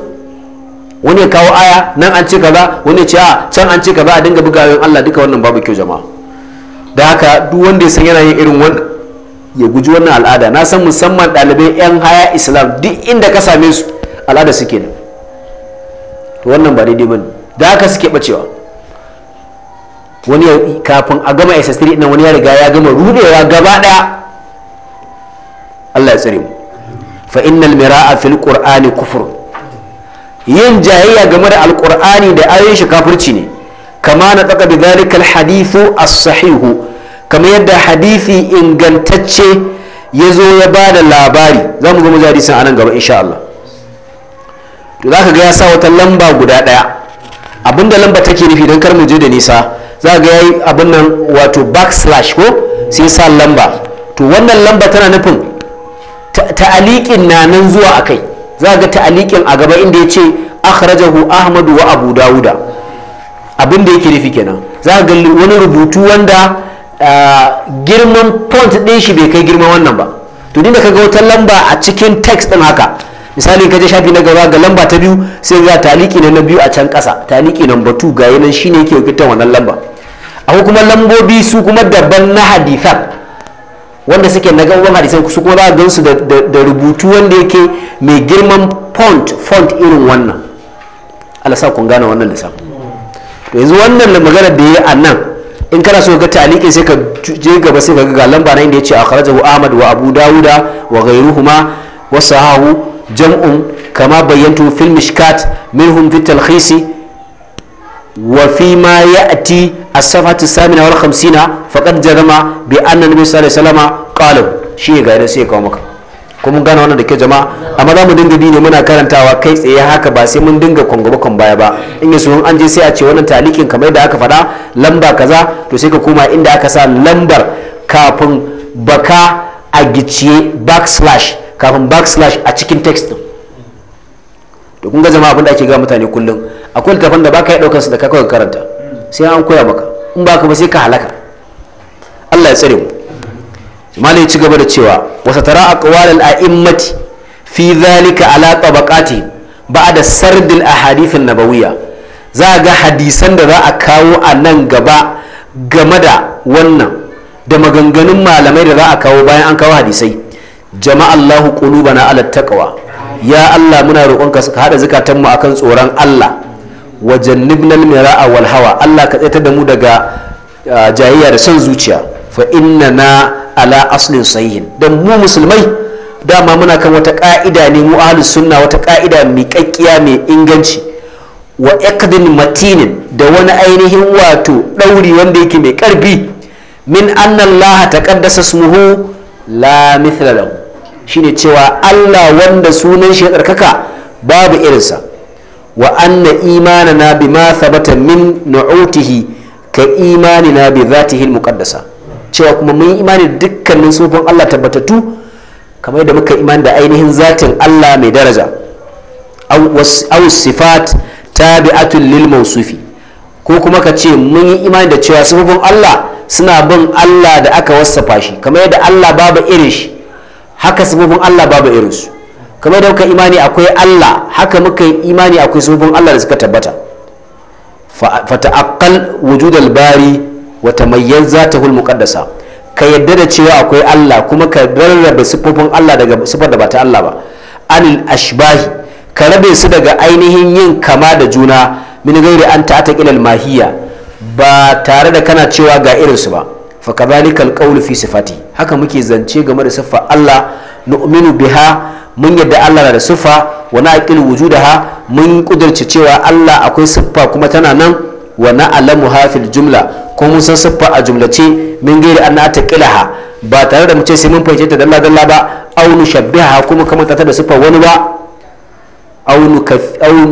wani kawo aya nan an ce kaza wani ce a can an ce kaza a dinga buga ayoyin Allah duka wannan babu kyau jama'a da haka duk wanda ya san yana yin irin wannan ya guji wannan al'ada na san musamman ɗalibai 'yan haya islam duk inda ka same su al'ada suke nan to wannan ba daidai bane da haka suke bacewa wani kafin a gama ss3 ɗin wani ya riga ya gama rudewa gaba ɗaya allah ya tsare mu fa innal mira'a fil qur'ani kufur yin jayayya game da alqur'ani da ayoyin shi kafirci ne kama na taka bi dhalika al hadithu as sahihu kamar yadda hadisi ingantacce ya zo ya ba da labari za mu gama hadisin a nan gaba insha Allah to za ka ga ya sa wata lamba guda ɗaya abinda lamba take nufi don kar mu je da nisa za ga yayi abin nan wato backslash ko sai sa lamba to wannan lamba tana nufin ta'aliqin na nan zuwa akai za ga ta'aliqin a gaba inda yace akhrajahu ahmad wa abu dauda abin yake nufi kenan za ga wani rubutu wanda ah, girman point din shi bai kai girman wannan ba to dinda kaga wata lamba a cikin text din haka misali ka je shafi na gaba ga lamba ta biyu sai za taliki na biyu a can ƙasa taliki nan batu ga yanan shine yake wakiltar wannan lamba akwai kuma lambobi su kuma daban na hadithan wanda suke na gaban hadisan su kuma za a gansu da rubutu wanda yake mai girman font font irin wannan alasa sa kun gane wannan lissafin to yanzu wannan magana da ya a nan in kana so ga taliki sai ka je gaba sai ka ga lamba na inda ya ce kharajahu ahmad wa abu dawuda wa ghayruhuma wa sahahu jam'un kama bayyantu fil mishkat minhum fi talkhisi wa fi ma ya'ti as-safatu samina wal khamsina faqad jarama bi anna nabiy sallallahu alaihi wasallam qala shi ga da sai kawo maka kuma gana wannan da ke jama'a amma za mu dinga bi ne muna karantawa kai tsaye haka ba sai mun dinga kwangwabakon baya ba in yi sun an je sai a ce wannan talikin kamar yadda aka faɗa lamba kaza to sai ka koma inda aka sa lambar kafin baka a gicciye backslash kafin backslash a cikin text din to kun ga zama abin da ake ga mutane kullum akwai littafin da baka yi daukar su da ka karanta sai an koya maka in baka ba sai ka halaka Allah ya tsare mu malai ci gaba da cewa wasa tara al a'immati fi dhalika ala tabaqati ba'da sardil ahadith an-nabawiyya za ga hadisan da za a kawo a nan gaba game da wannan da maganganun malamai da za a kawo bayan an kawo hadisai jama'allahu qulubana ala taqwa ya Allah muna roƙonka ka hada zukatanmu akan tsoron Allah wa jannibnal mira'a wal hawa Allah ka tsaitar da mu daga jayayya da son zuciya fa na ala aslin sahihin dan mu musulmai dama muna kan wata ka'ida ne mu ahlus sunna wata ka'ida mai kakkiya mai inganci wa iqdin matinin da wani ainihin wato dauri wanda yake mai ƙarfi min anna Allah taqaddasa ismuhu la mithla lahu shine cewa Allah wanda sunan shi tsarkaka babu irinsa wa anna imanana ma thabata min nu'utihi ka imanina bi zatihi muqaddasa cewa kuma mun imani dukkanin sufin Allah tabbatattu kamar yadda muka imani da ainihin zatin Allah mai daraja aw sifat tabi'atun lil mawsufi ko kuma ka ce mun yi imani da cewa sufin Allah suna bin Allah da aka wasafa shi kamar yadda Allah babu irin shi haka sabobin Allah babu irinsu kamar da muka imani akwai Allah haka muka imani akwai sabobin Allah da suka tabbata fata'aqqal wujud al-bari wa tamayyaz ta al-muqaddasa ka yadda da cewa akwai Allah kuma ka rarrabe sifofin Allah daga sifar da ba ta Allah ba anil ashbahi ka rabe su daga ainihin yin kama da juna min gairi an ta'ata ilal mahiya ba tare da kana cewa ga irinsu ba fa kadhalika fi sifati haka muke zance game da siffa Allah nu'minu biha mun yadda Allah na da siffa wa naqil wujudaha mun kudurce cewa Allah akwai siffa kuma tana nan wa na'lamu fil jumla ko mun san siffa a jumlace min gairi an taqilaha ba tare da mu ce sai mun fahimce ta dalla dalla ba aw nushabbiha kuma kamar ta da siffa wani ba aw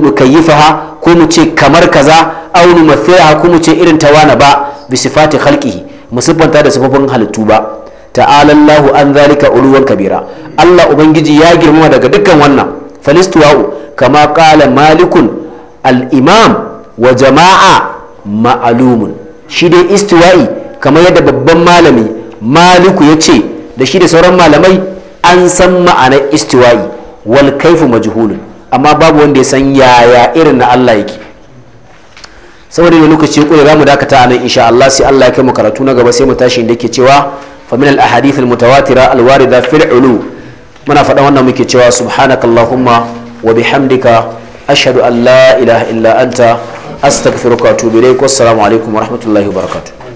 nukayyifaha ko mu ce kamar kaza aw numathilaha ko mu ce irin tawana ba bi sifati khalqihi musubbanta da sifofin halittu ba ta'ala Allahu an zalika uluwan kabira Allah ubangiji ya girma daga dukkan wannan falistuwa'u kama qala malikun al-imam wa jama'a ma'alumun shi dai istiwa'i kamar yadda babban malami maliku ya ce da shi da sauran malamai an san ma'anar istiwa'i wal kaifu majhulun amma babu wanda ya san yaya irin na Allah yake saboda ne lokaci ya kure zamu dakata anan insha Allah sai Allah ya kai mu karatu na gaba sai mu tashi da ke cewa fa min al ahadith al mutawatira al warida fil ulu muna faɗa wannan muke cewa subhanakallahumma wa bihamdika ashhadu an la ilaha illa anta astaghfiruka wa atubu ilaik wassalamu alaikum wa rahmatullahi wa barakatuh